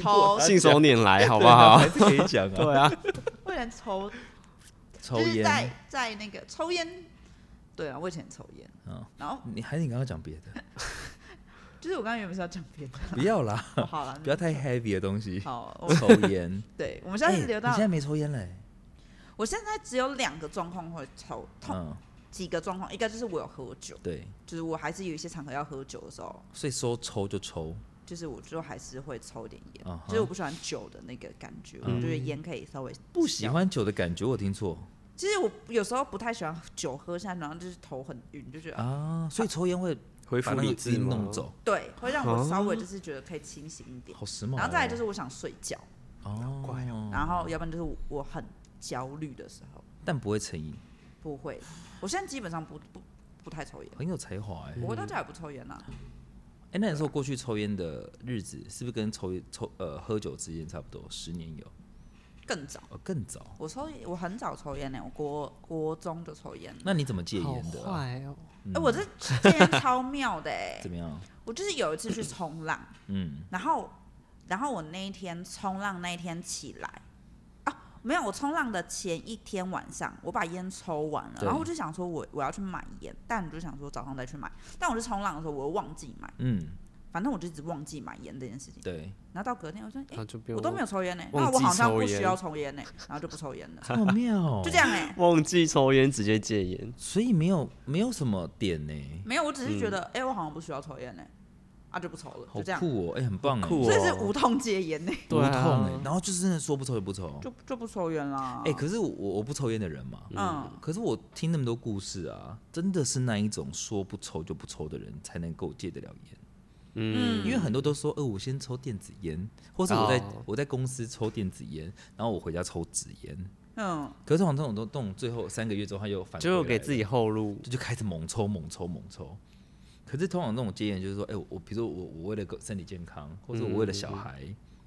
抽，信手拈來，好不好、 啊？還是可以講啊。對啊，我以前抽菸，抽就是在在那個抽菸，對啊，我以前抽菸啊。然後你還你剛剛講別的， 就是我剛剛原本是要講別的，不要啦，哦、好啦，不要太 heavy 的東西。 好，抽我菸。 對，我們現在一直留到、欸。你現在沒抽菸嘞、欸？我現在只有兩個狀況會抽，嗯，幾個狀況，一個就是我有喝酒，對、哦，就是我還是有一些場合要喝酒的時候，所以說抽就抽。就是我最後還是會抽點烟，所、uh、以 -huh. 我不喜歡酒的那個感覺，uh -huh. 我覺得煙可以稍微不喜歡酒的感覺，我聽錯。其實我有時候不太喜歡酒喝，下，然後就是頭很暈，uh -huh. 就覺得啊，uh -huh. 所以抽煙會恢把你自己弄走，uh -huh. 對，會讓我稍微就是覺得可以清醒一點。好時髦。然後再來就是我想睡覺，哦、uh -huh.，乖哦。然後要不然就是我很焦慮的時候、uh -huh.，但不會成癮，不會。我現在基本上不不不太抽烟，很有才華、欸，我回到家也不抽煙呐、啊。哎、欸，那時候過去抽煙的日子，是不是跟抽抽呃喝酒之間差不多十年有？更早？哦、更早。我抽我很早抽煙呢、欸，我國國中就抽煙了。那你怎麼戒煙的？哎、喔嗯欸，我這戒煙超妙的、欸。 怎麼樣？我就是有一次去衝浪， 嗯，然後然後我那一天衝浪那一天起來。沒有，我衝浪的前一天晚上，我把菸抽完了，然後我就想說我，我我要去買菸，但我就想說早上再去買，但我是衝浪的時候，我又忘記買，嗯，反正我就一直忘記買菸這件事情。對，然後到隔天，我就說，哎、欸，我都沒有抽菸呢、欸，那我好像不需要抽菸呢、欸，然後就不抽菸了。沒 有，就這樣哎、欸，忘記抽菸直接戒菸，所以沒有沒有什麼點呢、欸嗯，沒有，我只是覺得，哎、欸，我好像不需要抽菸呢、欸。那、啊、就不抽了，好喔，就這樣。酷哦，哎，很棒哎、欸，喔，所以是無痛戒煙呢。對、啊，無痛哎、欸。然後就是真的說不抽就不抽，就就不抽煙啦。哎、欸，可是我我不抽煙的人嘛，嗯，可是我聽那麼多故事啊，真的是那一種說不抽就不抽的人才能夠戒得了煙。嗯，因為很多都說，呃，我先抽電子煙，或者我在、oh. 我在公司抽電子煙，然後我回家抽紙煙。嗯，可是往往這種都動，最後三個月之後他又反，就給自己後路，就，就開始猛抽猛抽猛抽。可是通常這種戒菸就是說，哎、欸，我我比如說我我為了個身體健康，或者我為了小孩，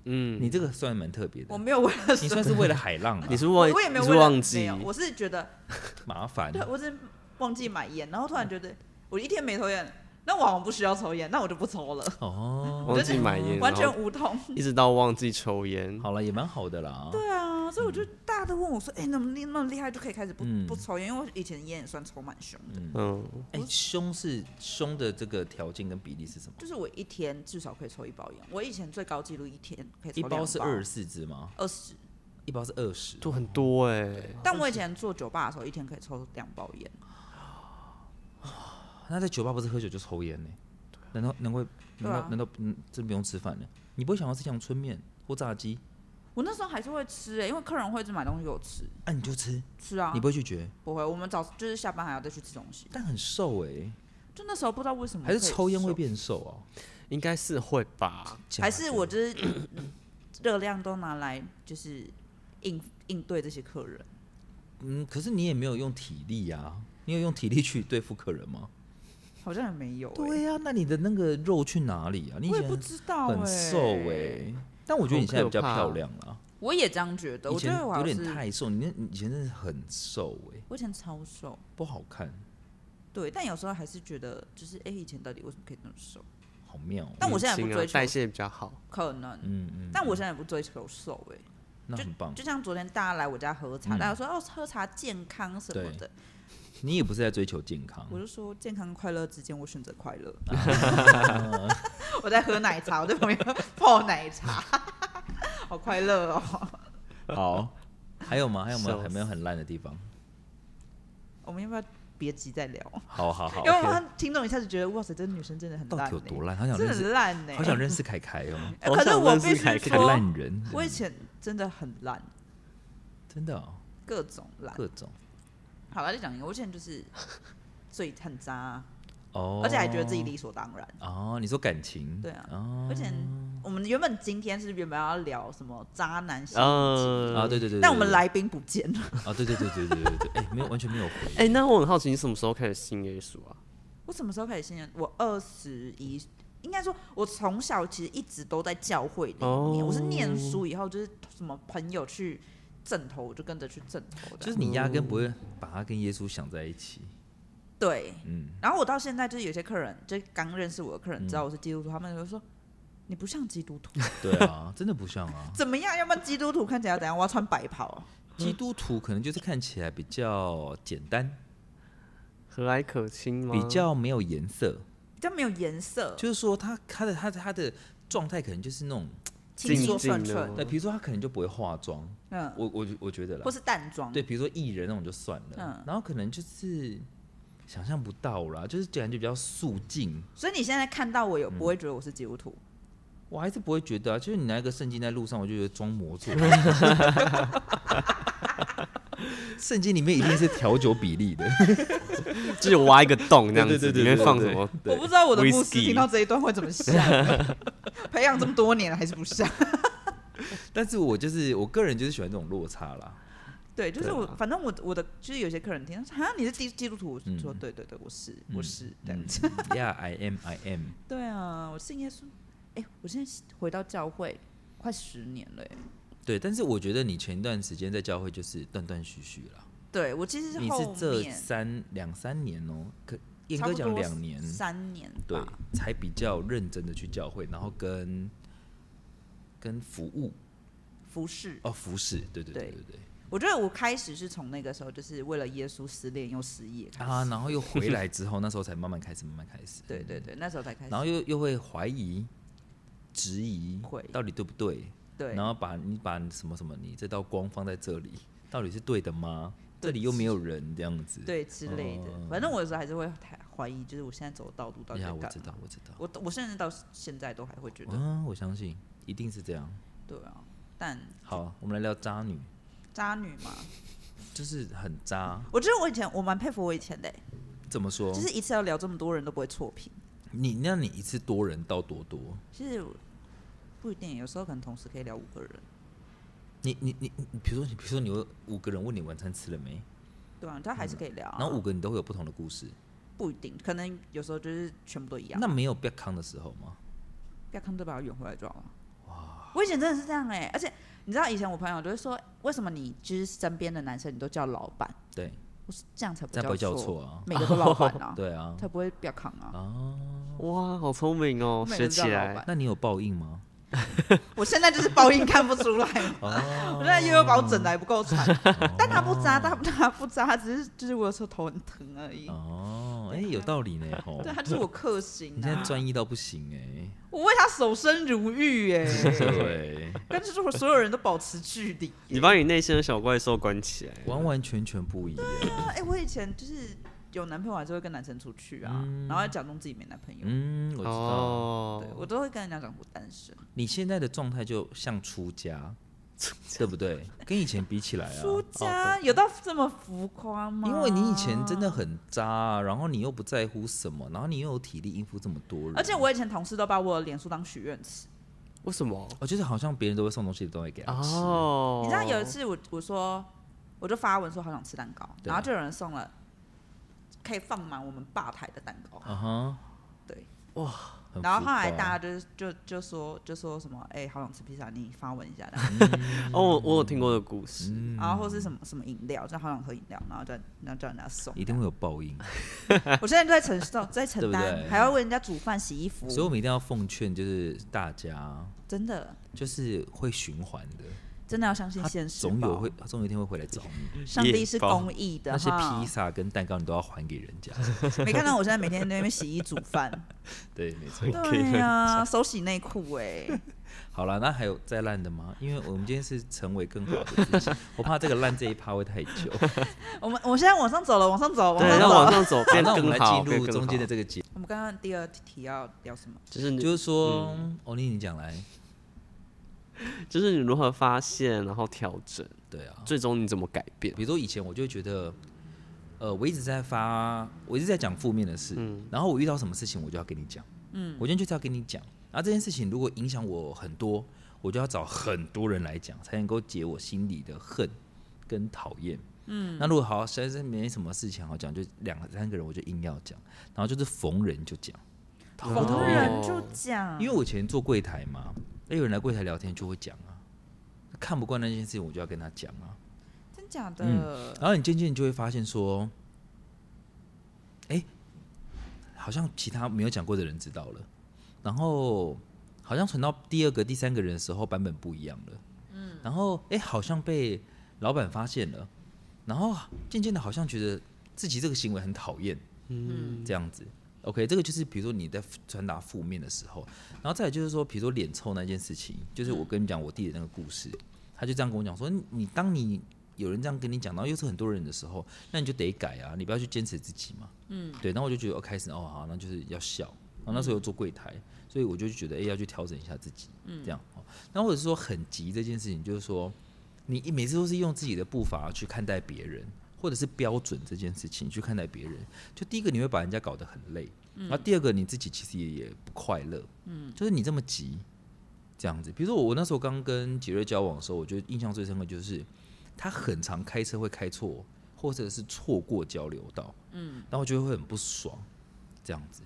嗯，你這個算蠻特別的。我沒有為了，你算是為了海浪、啊，你是忘你是忘記，沒有，我是覺得 麻煩。對，我是忘記買菸，然後突然覺得我一天沒抽菸。那我好像不需要抽煙，那我就不抽了。哦，忘記買煙， 完全無痛，一直到忘記抽煙。好了，也蠻好的啦。對啊，所以我就大家都問我說，哎、嗯，怎麼你那麼厲害就可以開始不、嗯、不抽煙？因為我以前煙也算抽蠻兇的。嗯，哎、欸，兇、嗯、是兇的這個條件跟比例是什麼？就是我一天至少可以抽一包煙。我以前最高紀錄一天可以抽一包。是二十四支嗎？二十，一包是二十，都很多哎、欸啊。但我以前做酒吧的時候，一天可以抽兩包煙。啊他在酒吧不是喝酒就抽煙呢、欸啊？難道難怪？難道、啊、難道嗯，真不用吃飯呢？你不會想要吃陽春麵或炸雞？我那時候還是會吃哎、欸，因為客人會一直買東西給我吃。那、啊、你就吃吃啊？你不會拒絕？不會，我們早就是下班還要再去吃東西。但很瘦哎、欸，就那時候不知道為什麼還是抽煙會變瘦哦、啊，應該是會吧？還是我就是熱量都拿來就是應應對這些客人？嗯，可是你也沒有用體力啊，你有用體力去對付客人嗎？好像還沒有、欸。對呀、啊，那你的那個肉去哪裡啊？你以前、欸、也不知道很瘦哎，但我覺得你現在比較漂亮了。我也這樣覺得，我覺得我有點太瘦，你你以前真的很瘦哎、欸。我以前超瘦。不好看。對，但有時候還是覺得，就是哎、欸，以前到底為什麼可以那麼瘦？好妙、哦。但我現在不追求、啊。代謝比較好。可能。嗯嗯。但我現在也不追求瘦哎、欸。那很棒就。就像昨天大家來我家喝茶，嗯、大家說哦，喝茶健康什麼的。你也不是在追求健康，我就說，健康快樂之間，我選擇快樂。啊、 我在喝奶茶，我在旁邊泡奶茶， 好快樂哦。好，還有嗎？還有沒有？有沒有很爛的地方？我們要不要別急再聊？好好好，因為、OK、聽眾一下子覺得哇塞，這個女生真的很爛、欸，到底有多爛？他想認識爛哎、欸，好想認識凱凱哦。欸、可是我必須是個爛人，我以前真的很爛，真的哦，各種爛，各種。好了，就講一個，我現在就是嘴很渣哦，而且還覺得自己理所當然哦。你說感情？對啊。哦。而且我們原本今天是原本要聊什麼渣男心情？啊、哦、啊！對對對對。我們來賓不見了啊、哦！對對對對對對對！哎、 欸，沒有完全沒有回。哎、欸，那我很好奇，你什麼時候開始信耶穌啊？我什麼時候開始信？我二十一，應該說，我從小其實一直都在教會裡面、哦。我是念書以後，就是什麼朋友去。枕頭我就跟着去枕頭，的就是你壓根不會把它跟耶穌想在一起、嗯。對，嗯。然後我到現在就是有些客人，就剛認識我的客人，知道我是基督徒，嗯、他們就說：“你不像基督徒。”對啊，真的不像啊。 怎麼樣？要不然基督徒看起來要怎樣，等下我要穿白袍、啊。基督徒可能就是看起來比較簡單，和藹可親嗎？比較沒有顏色，比較沒有顏色，就是說他他的他他的狀態可能就是那種。靜如聖尊，對，比如說他可能就不會化妝，嗯，我我我覺得啦，或是淡妝，對，比如說藝人那種就算了，嗯，然後可能就是想象不到啦，就是竟然就比較素淨，所以你現在看到我有不會覺得我是基督徒，嗯、我還是不會覺得啊，就是你那個聖經在路上，我就覺得裝模作樣，聖 經裡面一定是調酒比例的。 就是挖一個洞這樣子，裡 面放什麼？我不知道我的牧師聽到這一段會怎麼想。 培養這麼多年了，還是不像。 但是我就是我個人就是喜歡這種落差啦。對，就是我，反正我我的就是有些客人聽，他說好像你是記基督徒，我說、嗯、對對對，我是、嗯、我是這樣子。嗯、 yeah, I am, I am. 對啊，我信耶穌，哎、欸，我現在回到教會快十年了。對，但是我覺得你前一段時間在教會就是斷斷續續了。對，我其實是後面你是這三兩三年哦、喔，可嚴格講兩年、三年，對，才比較認真的去教會，然後跟跟服務服侍哦，服侍，對對對對對。我覺得我開始是從那個時候，就是為了耶穌失戀又失業啊，然後又回來之後， 那時候才慢慢開始，慢慢開始，對對對，那時候才開始，然後又又會懷疑、質疑，到底對不對？對，然後把你把什麼什麼你這道光放在這裡，到底是對的嗎？這裡又沒有人這樣子，對之類的，哦、反正我有時候還是會太懷疑，就是我現在走的道路到底幹、啊？我知道，我知道，我我現在到現在都還會覺得，嗯、啊，我相信一定是這樣。對啊，但好，我們來聊渣女。渣女嘛，就是很渣。我覺得我以前我蠻佩服我以前的、嗯，怎麼說？就是一次要聊這麼多人都不會錯頻。你那你一次多人到多多？其實不一定，有時候可能同時可以聊五個人。你你你你，比如說你比如說，你有五個人問你晚餐吃了沒？對啊，他還是可以聊啊。然後五個人都會有不同的故事。不一定，可能有時候就是全部都一樣。那沒有不要扛的時候嗎？不要扛都把他圓回來轉了。哇！危險真的是這樣哎、欸，而且你知道以前我朋友就是說，為什麼你就是身邊的男生你都叫老闆？對，我是這樣才這樣不會叫錯啊，每個都老闆啊，oh. 啊，對啊，才不會不要扛啊。哦，哇，好聰明哦，學起來。那你有報應嗎？ 我現在就是包音，看不出來、 哦，我現在又把我整的還不夠慘、哦哦，但他不扎，他不他不扎，他只是就是我有時候頭很疼而已。哦，哎、欸，有道理呢，吼， 他就是我克星、啊。你現在專一到不行哎、欸，我為他守身如玉哎、欸， 對，跟是這會所有人都保持距離、欸，你把你內心的小怪獸關起來，完完全全不一樣、欸。對啊，哎、欸，我以前就是。有男朋友還是會跟男生出去啊，嗯、然後要假裝自己沒男朋友。嗯，我知道。Oh. 對，我都會跟人家講不單身。你現在的狀態就像出家， 對不對？跟以前比起來啊，出 家、oh, 有到這麼浮誇嗎？因為你以前真的很渣，然後你又不在乎什麼，然後你又有體力應付這麼多人。而且我以前同事都把我臉書當許願池。為什麼？我覺得好像別人都會送東西，都會給他吃。Oh. 你知道有一次我我說我就發文說好想吃蛋糕，啊、然後就有人送了。可以放滿我們吧台的蛋糕，啊哈，對，哇，然後後來大家就是就就說就說什麼，哎、欸，好想吃披薩，你發文一下，然後嗯、哦，我我有聽過這個故事、嗯，然後或是什麼什麼飲料，真好想喝飲料，然後叫然後叫人家送，一定會有報應， 我現在就在承受在承擔， 還要為人家煮飯洗衣服，所以我們一定要奉勸就是大家，真的就是會循環的。真的要相信現實。他總有會，他總有一天會回來找你。上帝是公義的，那些披薩跟蛋糕你都要還給人家。 沒看到我現在每天在那邊洗衣煮飯？ 對，沒錯。對呀、啊，手洗內褲哎。 好了，那還有再爛的嗎？因為我們今天是成為更好的自己， 我怕這個爛這一趴會太久。 我們我現在往上走了，往上走，對，往上走。對，再往上走，變成更好。對 更好。我們剛剛第二題要聊什麼？就是就是說，歐、嗯、尼、嗯哦、你講來。就是你如何發現，然後調整，對啊，最終你怎麼改變？比如說以前我就覺得，呃，我一直在發，我一直在講負面的事，嗯，然後我遇到什麼事情，我就要跟你講，嗯，我今天就是要跟你講，然後這件事情如果影響我很多，我就要找很多人來講，才能夠解我心裡的恨跟討厭，嗯，那如果好實在是沒什麼事情好講，就兩三個人我就硬要講，然後就是逢人就講，逢人就講，因為我以前做櫃檯嘛。有人來櫃檯聊天就會講啊，看不慣那件事情，我就要跟他講啊。真假的、嗯？然後你漸漸就會發現說，哎、欸，好像其他沒有講過的人知道了，然後好像傳到第二個、第三個人的時候版本不一樣了。嗯。然後哎、欸，好像被老闆發現了，然後漸漸的好像覺得自己這個行為很討厭。嗯，這樣子。OK，這個就是比如說你在傳達負面的時候，然後再來就是說，比如說臉臭那件事情，就是我跟你講我弟的那個故事，他就這樣跟我講說，你當你有人這樣跟你講，然後又是很多人的時候，那你就得改啊，你不要去堅持自己嘛。嗯，對。然後我就覺得我、哦、開始哦好，那就是要笑。然後那時候又做櫃台、嗯，所以我就覺得誒要去調整一下自己，這樣。那、嗯、或者是說很急這件事情，就是說你每次都是用自己的步伐去看待別人。或者是標準這件事情去看待別人，就第一個你會把人家搞得很累，然後，嗯，第二個你自己其實也不快樂，嗯，就是你這麼急這樣子。比如說我我那時候剛跟傑瑞交往的時候，我覺得印象最深刻就是他很常開車會開錯，或者是錯過交流道，嗯，然後就會很不爽這樣子。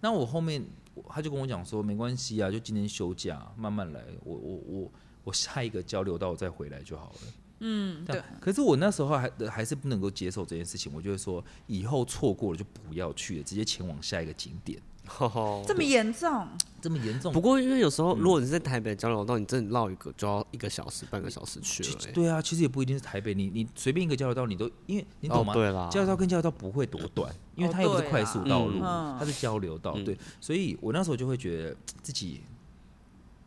那我後面他就跟我講說，沒關係啊，就今天休假慢慢來，我我我我下一個交流道我再回來就好了。嗯，對。可是我那時候還還是不能夠接受這件事情，我就會說以後錯過了就不要去了，直接前往下一個景點。哈哈，這麼嚴重，這麼嚴重。不過因為有時候如果你是在台北交流道，嗯、你真的繞一個就要一個小時、半個小時去了、欸。對啊，其實也不一定是台北，你你隨便一個交流道，你都因為你懂嗎、哦？對啦，交流道跟交流道不會多短，因為它又不是快速道路，哦嗯、它是交流道、嗯。對，所以我那時候就會覺得自己。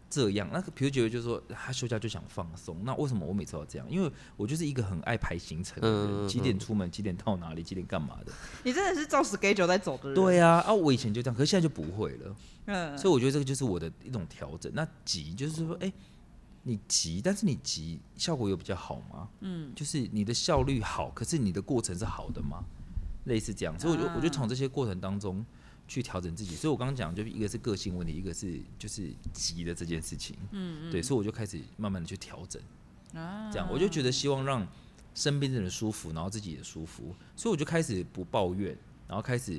這樣，那譬如覺得就是說他休假就想放鬆，那為什麼我每次都這樣？因為我就是一個很愛排行程的人，幾點出門，幾點到哪裡，幾點幹嘛的。你真的是照 schedule 在走的人。對啊，啊，我以前就這樣，可是現在就不會了。嗯，所以我覺得這個就是我的一種調整。那急就是說，哎、欸，你急，但是你急效果又比較好嗎？嗯，就是你的效率好，可是你的過程是好的嗎？類似這樣，所以我就、啊、我就從這些過程當中，去調整自己，所以我剛剛講，就一個是個性問題，一個是就是急的這件事情，嗯，嗯，對，所以我就開始慢慢的去調整，啊，這樣我就覺得希望讓身邊的人舒服，然後自己也舒服，所以我就開始不抱怨，然後開始，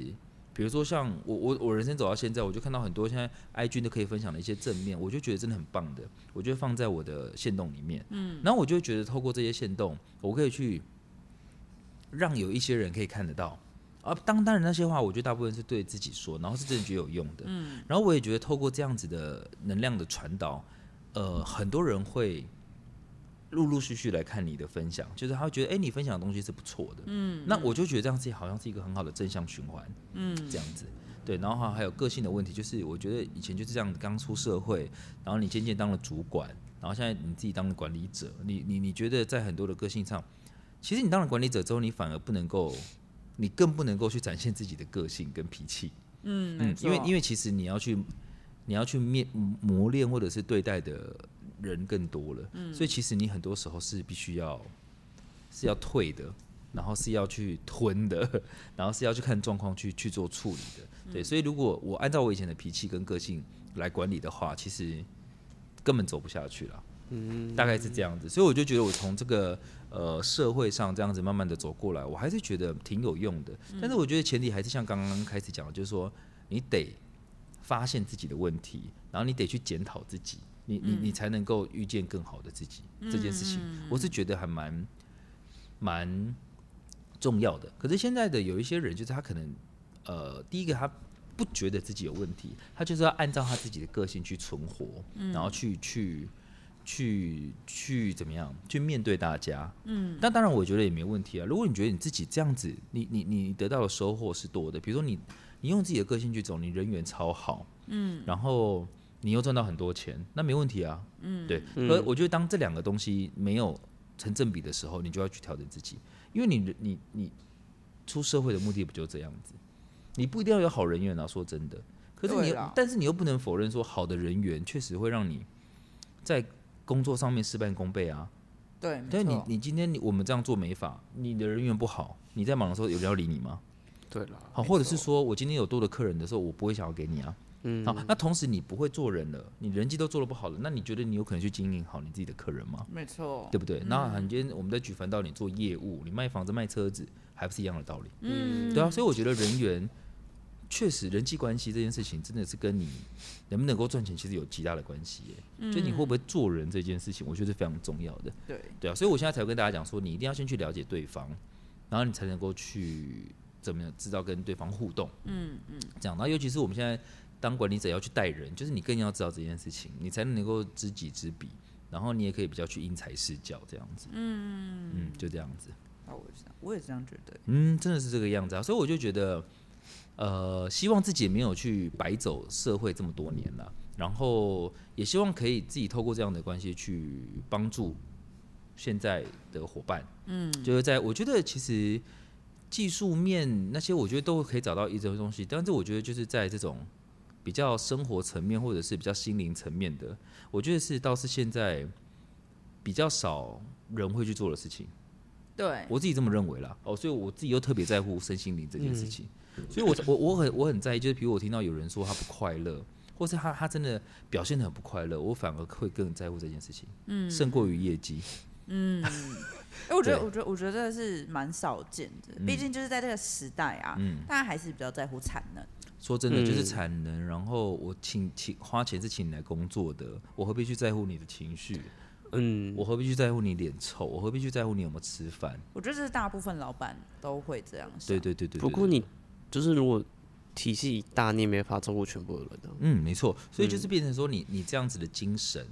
比如說像我我我人生走到現在，我就看到很多現在 IG 都可以分享的一些正面，我就覺得真的很棒的，我就放在我的限動裡面，嗯，然後我就覺得透過這些限動，我可以去讓有一些人可以看得到。啊，當當然那些話，我覺得大部分是對自己說，然後是自己覺得有用的。嗯。然後我也覺得透過這樣子的能量的傳導，呃，很多人會陸陸續續來看你的分享，就是他會覺得，哎、欸，你分享的東西是不錯的。嗯。那我就覺得這樣子好像是一個很好的正向循環。嗯。這樣子，對。然後還有個性的問題，就是我覺得以前就是這樣子，剛出社會，然後你漸漸當了主管，然後現在你自己當了管理者，你你你覺得在很多的個性上，其實你當了管理者之後，你反而不能夠。你更不能夠去展現自己的個性跟脾氣，嗯嗯，因為、哦、因為其實你要去你要去面磨練或者是對待的人更多了、嗯，所以其實你很多時候是必須要是要退的，然後是要去吞的，然後是要去看狀況去去做處理的，對、嗯，所以如果我按照我以前的脾氣跟個性來管理的話，其實根本走不下去了。嗯，大概是這樣子，所以我就覺得我從這個呃社會上這樣子慢慢的走過來，我還是覺得挺有用的。但是我覺得前提還是像剛剛開始講的，就是說你得發現自己的問題，然後你得去檢討自己，你你你才能夠遇見更好的自己、嗯、這件事情，我是覺得還蠻蠻重要的。可是現在的有一些人，就是他可能呃第一個他不覺得自己有問題，他就是要按照他自己的個性去存活，然後去、嗯、去。去去怎麼樣？去面對大家。嗯，那當然，我覺得也沒問題啊。如果你覺得你自己這樣子，你你你得到的收穫是多的，比如說你你用自己的個性去走，你人緣超好，嗯，然後你又賺到很多錢，那沒問題啊。嗯，對。可我覺得當這兩個東西沒有成正比的時候，你就要去調整自己，因為你你你，你出社會的目的不就這樣子？你不一定要有好人緣啊。說真的，可是你，但是你又不能否認說，好的人緣確實會讓你在。工作上面事半功倍啊，對，但你你今天我們這樣做美髮，你的人緣不好，你在忙的時候有人要理你嗎？對啦，好，或者是說我今天有多的客人的時候，我不會想要給你啊，嗯，好，那同時你不會做人了，你人際都做的不好了，那你覺得你有可能去經營好你自己的客人嗎？沒錯，對不對？嗯、那你今天我們在舉凡道理，你做業務，你賣房子賣車子還不是一樣的道理？嗯，對啊，所以我覺得人員。確實，人際關係這件事情真的是跟你能不能夠賺錢其實有極大的關係。欸。嗯。就你會不會做人這件事情，我覺得是非常重要的。對。對啊，所以我現在才會跟大家講說，你一定要先去了解對方，然後你才能夠去怎麼樣知道跟對方互動。嗯嗯。然後尤其是我們現在當管理者要去帶人，就是你更要知道這件事情，你才能夠知己知彼，然後你也可以比較去因材施教這樣子。嗯嗯。就這樣子。啊，我也這樣，我也這樣覺得。嗯，真的是這個樣子啊，所以我就覺得。呃，希望自己也沒有去白走社會這麼多年了，然後也希望可以自己透過這樣的關係去幫助現在的夥伴。嗯，就是在我覺得其實技術面那些我覺得都可以找到一些東西，但是我覺得就是在這種比較生活層面或者是比較心靈層面的，我覺得是倒是現在比較少人會去做的事情。對，我自己這麼認為啦。哦，所以我自己又特別在乎身心靈這件事情。嗯所以我，我我我很我很在意，就是比如我聽到有人說他不快樂，或是他他真的表現得很不快樂，我反而會更在乎這件事情，嗯，勝過於業績。嗯，哎、 欸，我覺得我覺得我覺得是蠻少見的，畢竟就是在這個時代啊，大、嗯、家還是比較在乎產能。說真的，就是產能。然後我請請花錢是請你來工作的，我何必去在乎你的情緒？嗯，我何必去在乎你臉臭？我何必去在乎你有沒有吃飯？我覺得這是大部分老闆都會這樣想。對對對對，對，對，對。不過你。就是如果體系大，你也沒法照顧全部的人。嗯，沒錯。所以就是變成說你，你、嗯、你這樣子的精神，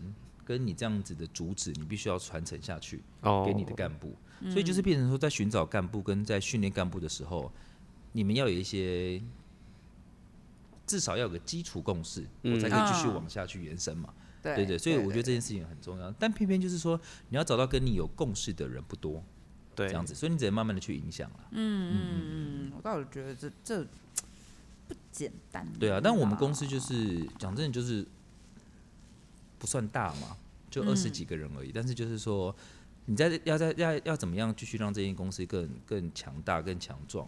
跟你這樣子的主旨，你必須要傳承下去，給你的幹部。哦、所以就是變成說，在尋找幹部跟在訓練幹部的時候，嗯、你們要有一些，至少要有個基礎共識，嗯、我才可以繼續往下去延伸嘛。嗯、對對、對，所以我覺得這件事情很重要。但偏偏就是說，你要找到跟你有共識的人不多。對，這樣子，所以你只能慢慢的去影響了。嗯。嗯，我倒是覺得這這不簡單。啊。對啊，但我們公司就是講真的，就是不算大嘛，就二十幾個人而已。嗯、但是就是說，你在要在要要怎麼樣繼續讓這間公司更更強大、更強壯，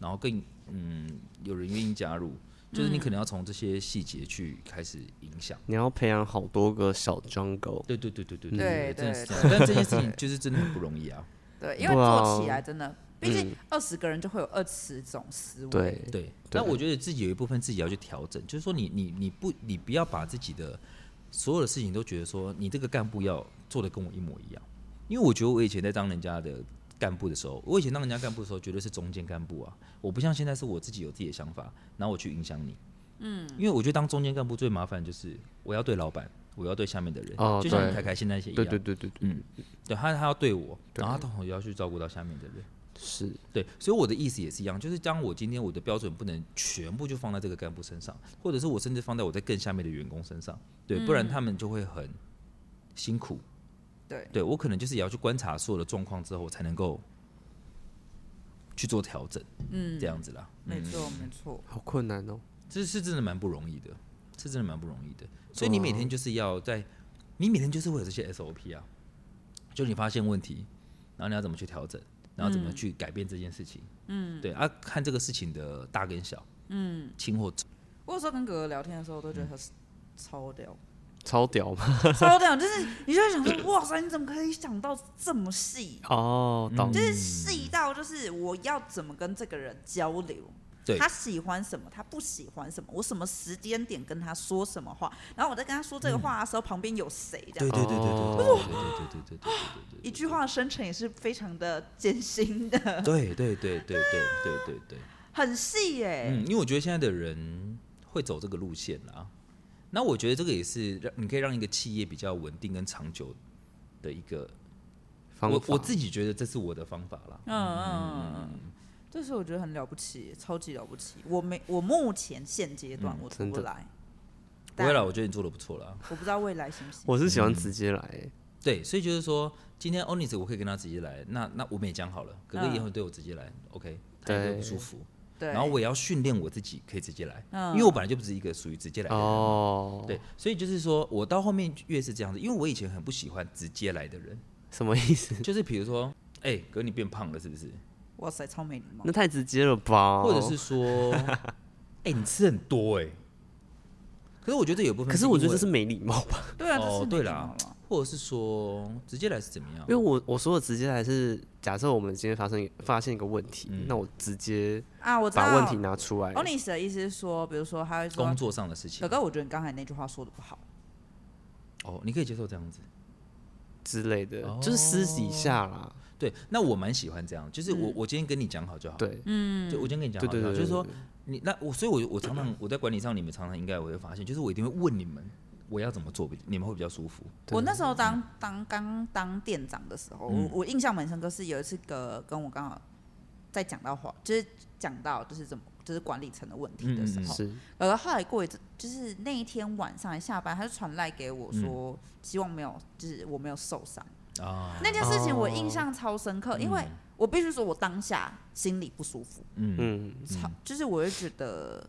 然後更嗯有人願意加入，就是你可能要從這些細節去開始影響。你要培養好多個小的 Jungle。對對對對對對，對，對，對，嗯、對對對對對是對對對。但這件事情就是真的很不容易啊。 對，因為做起來真的，wow, 畢竟二十個人就會有二十種思維。對，那我覺得自己有一部分自己要去調整，就是說你你你不你不要把自己的所有的事情都覺得說你這個幹部要做的跟我一模一樣，因為我覺得我以前在當人家的幹部的時候，我以前當人家幹部的時候絕對是中間幹部啊，我不像現在是我自己有自己的想法，然後我去影響你。嗯，因為我覺得當中間幹部最麻煩的就是我要對老闆。我要對下面的人，oh, 就像凱凱現在寫一樣，對對對對對，嗯，對他他要對我，對然後他同樣也要去照顧到下面的人，是對，所以我的意思也是一樣，就是當我今天我的標準不能全部就放在這個幹部身上，或者是我甚至放在我在更下面的員工身上，對，嗯、不然他們就會很辛苦，對，對我可能就是也要去觀察所有的狀況之後，才能夠去做調整，嗯，這樣子啦，沒錯、嗯、沒錯，好困難哦，這是真的蠻不容易的。是真的蠻不容易的，所以你每天就是要在，oh. 你每天就是會有這些 SOP 啊，就你發現問題，然後你要怎麼去調整，然後怎麼去改變這件事情，嗯，對，啊看這個事情的大跟小，嗯，輕或重。我有時候跟哥哥聊天的時候，我都覺得他是超屌，嗯、超屌嗎？超屌， 就是你就想說，哇塞，你怎麼可以想到這麼細哦、oh, 嗯？就是細到就是我要怎麼跟這個人交流。對，他喜歡什麼，他不喜歡什麼，我什麼時間點跟他說什麼話，然後我在跟他說這個話的時候，嗯、旁邊有誰這樣子，對對對對對、oh. 哦？對對對對對對對對對對對，一句話生成也是非常的艱辛的。對對對對對對對對，很細耶、欸。嗯，因為我覺得現在的人會走這個路線了，那我覺得這個也是讓你可以讓一個企業比較穩定跟長久的一個方法。我我自己覺得這是我的方法啦。嗯嗯嗯。嗯。這是我覺得很了不起，超級了不起。我沒，我目前現階段我做不來。會、嗯、來我覺得你做的不錯了。 我不知道未來行不行。我是喜歡直接來、嗯。對，所以就是說，今天 Onis 我可以跟他直接來。那那我們也講好了，哥哥以後對我直接來、嗯、，OK？對，他也不舒服。對。然後我也要訓練我自己可以直接來，嗯、因為我本來就不是一個屬於直接來的人。哦。對，所以就是說我到後面越是這樣子，因為我以前很不喜歡直接來的人。什麼意思？就是比如說，哎、欸，哥，哥你變胖了，是不是？哇塞，超沒禮貌，那太直接了吧？或者是說，哎、 欸，你吃很多哎、欸，可是我覺得這有部分，可是我覺得這是沒禮貌吧？對啊，這是、哦、對啦或者是說，直接來是怎麼樣？因為我我說的直接來是，假設我們今天發生發現一個問題，嗯、那我直接啊我，把問題拿出來。o n 的意思是說，比如說他會說工作上的事情。小哥，我覺得你剛才那句話說的不好。哦，你可以接受這樣子之類的、哦，就是私底下啦。對，那我蠻喜歡這樣，就是我、嗯、我今天跟你講好就好。對，嗯，就我今天跟你講好就好、嗯，就是說你那我，所以我我常常我在管理上，你們常常應該我會發現，就是我一定會問你們我要怎麼做，你們會比較舒服。我那時候當、嗯、當剛當、當店長的時候，我、嗯、我印象蠻深，就是有一次個跟我剛好在講到話，就是講到就是怎麼就是管理層的問題的時候，是、嗯嗯嗯。而後來過一次，就是那一天晚上還下班，他就傳賴給我說、嗯，希望沒有，就是我沒有受傷。啊、oh,，那件事情我印象超深刻，oh, 因為我必須說，我當下心裡不舒服，嗯，超嗯就是我會覺得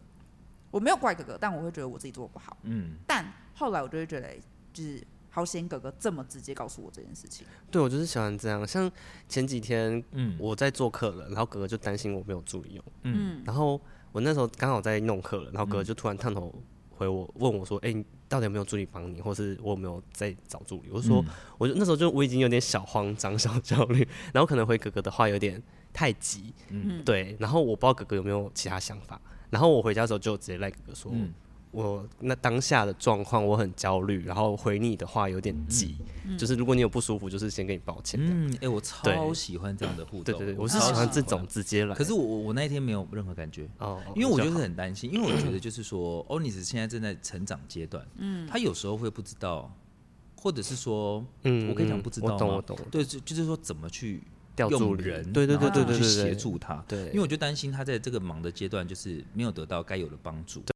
我沒有怪哥哥，但我會覺得我自己做不好，嗯。但後來我就會覺得，就是好險哥哥這麼直接告訴我這件事情。對，我就是喜歡這樣。像前幾天，嗯，我在做客人，然後哥哥就擔心我沒有助理用，嗯。然後我那時候剛好在弄客人，然後哥哥就突然探頭回我，問我說：“哎、欸。”到底有沒有助理幫你，或是我有沒有在找助理？我說、嗯，我就那時候就我已經有點小慌張、小焦慮，然後可能回哥哥的話有點太急，嗯，對，然後我不知道哥哥有沒有其他想法，然後我回家的時候就直接賴哥哥說。嗯我那當下的狀況，我很焦慮，然後回你的話有點急，嗯、就是如果你有不舒服，就是先跟你抱歉。嗯，哎、欸，我超喜歡這樣的互動。對，對，對，我是喜歡這種直接來了。可是我我那一天沒有任何感覺，哦，因為我就是很擔心、嗯，因為我覺得就是說，Onis、嗯嗯嗯、現在正在成長階段，嗯，他有時候會不知道，或者是說，嗯，我可以講不知道嗎？我懂，我懂，我懂。對，就就是說怎麼去調助人，對對對對對，去協助他。對，因為我就擔心他在這個忙的階段，就是沒有得到該有的幫助。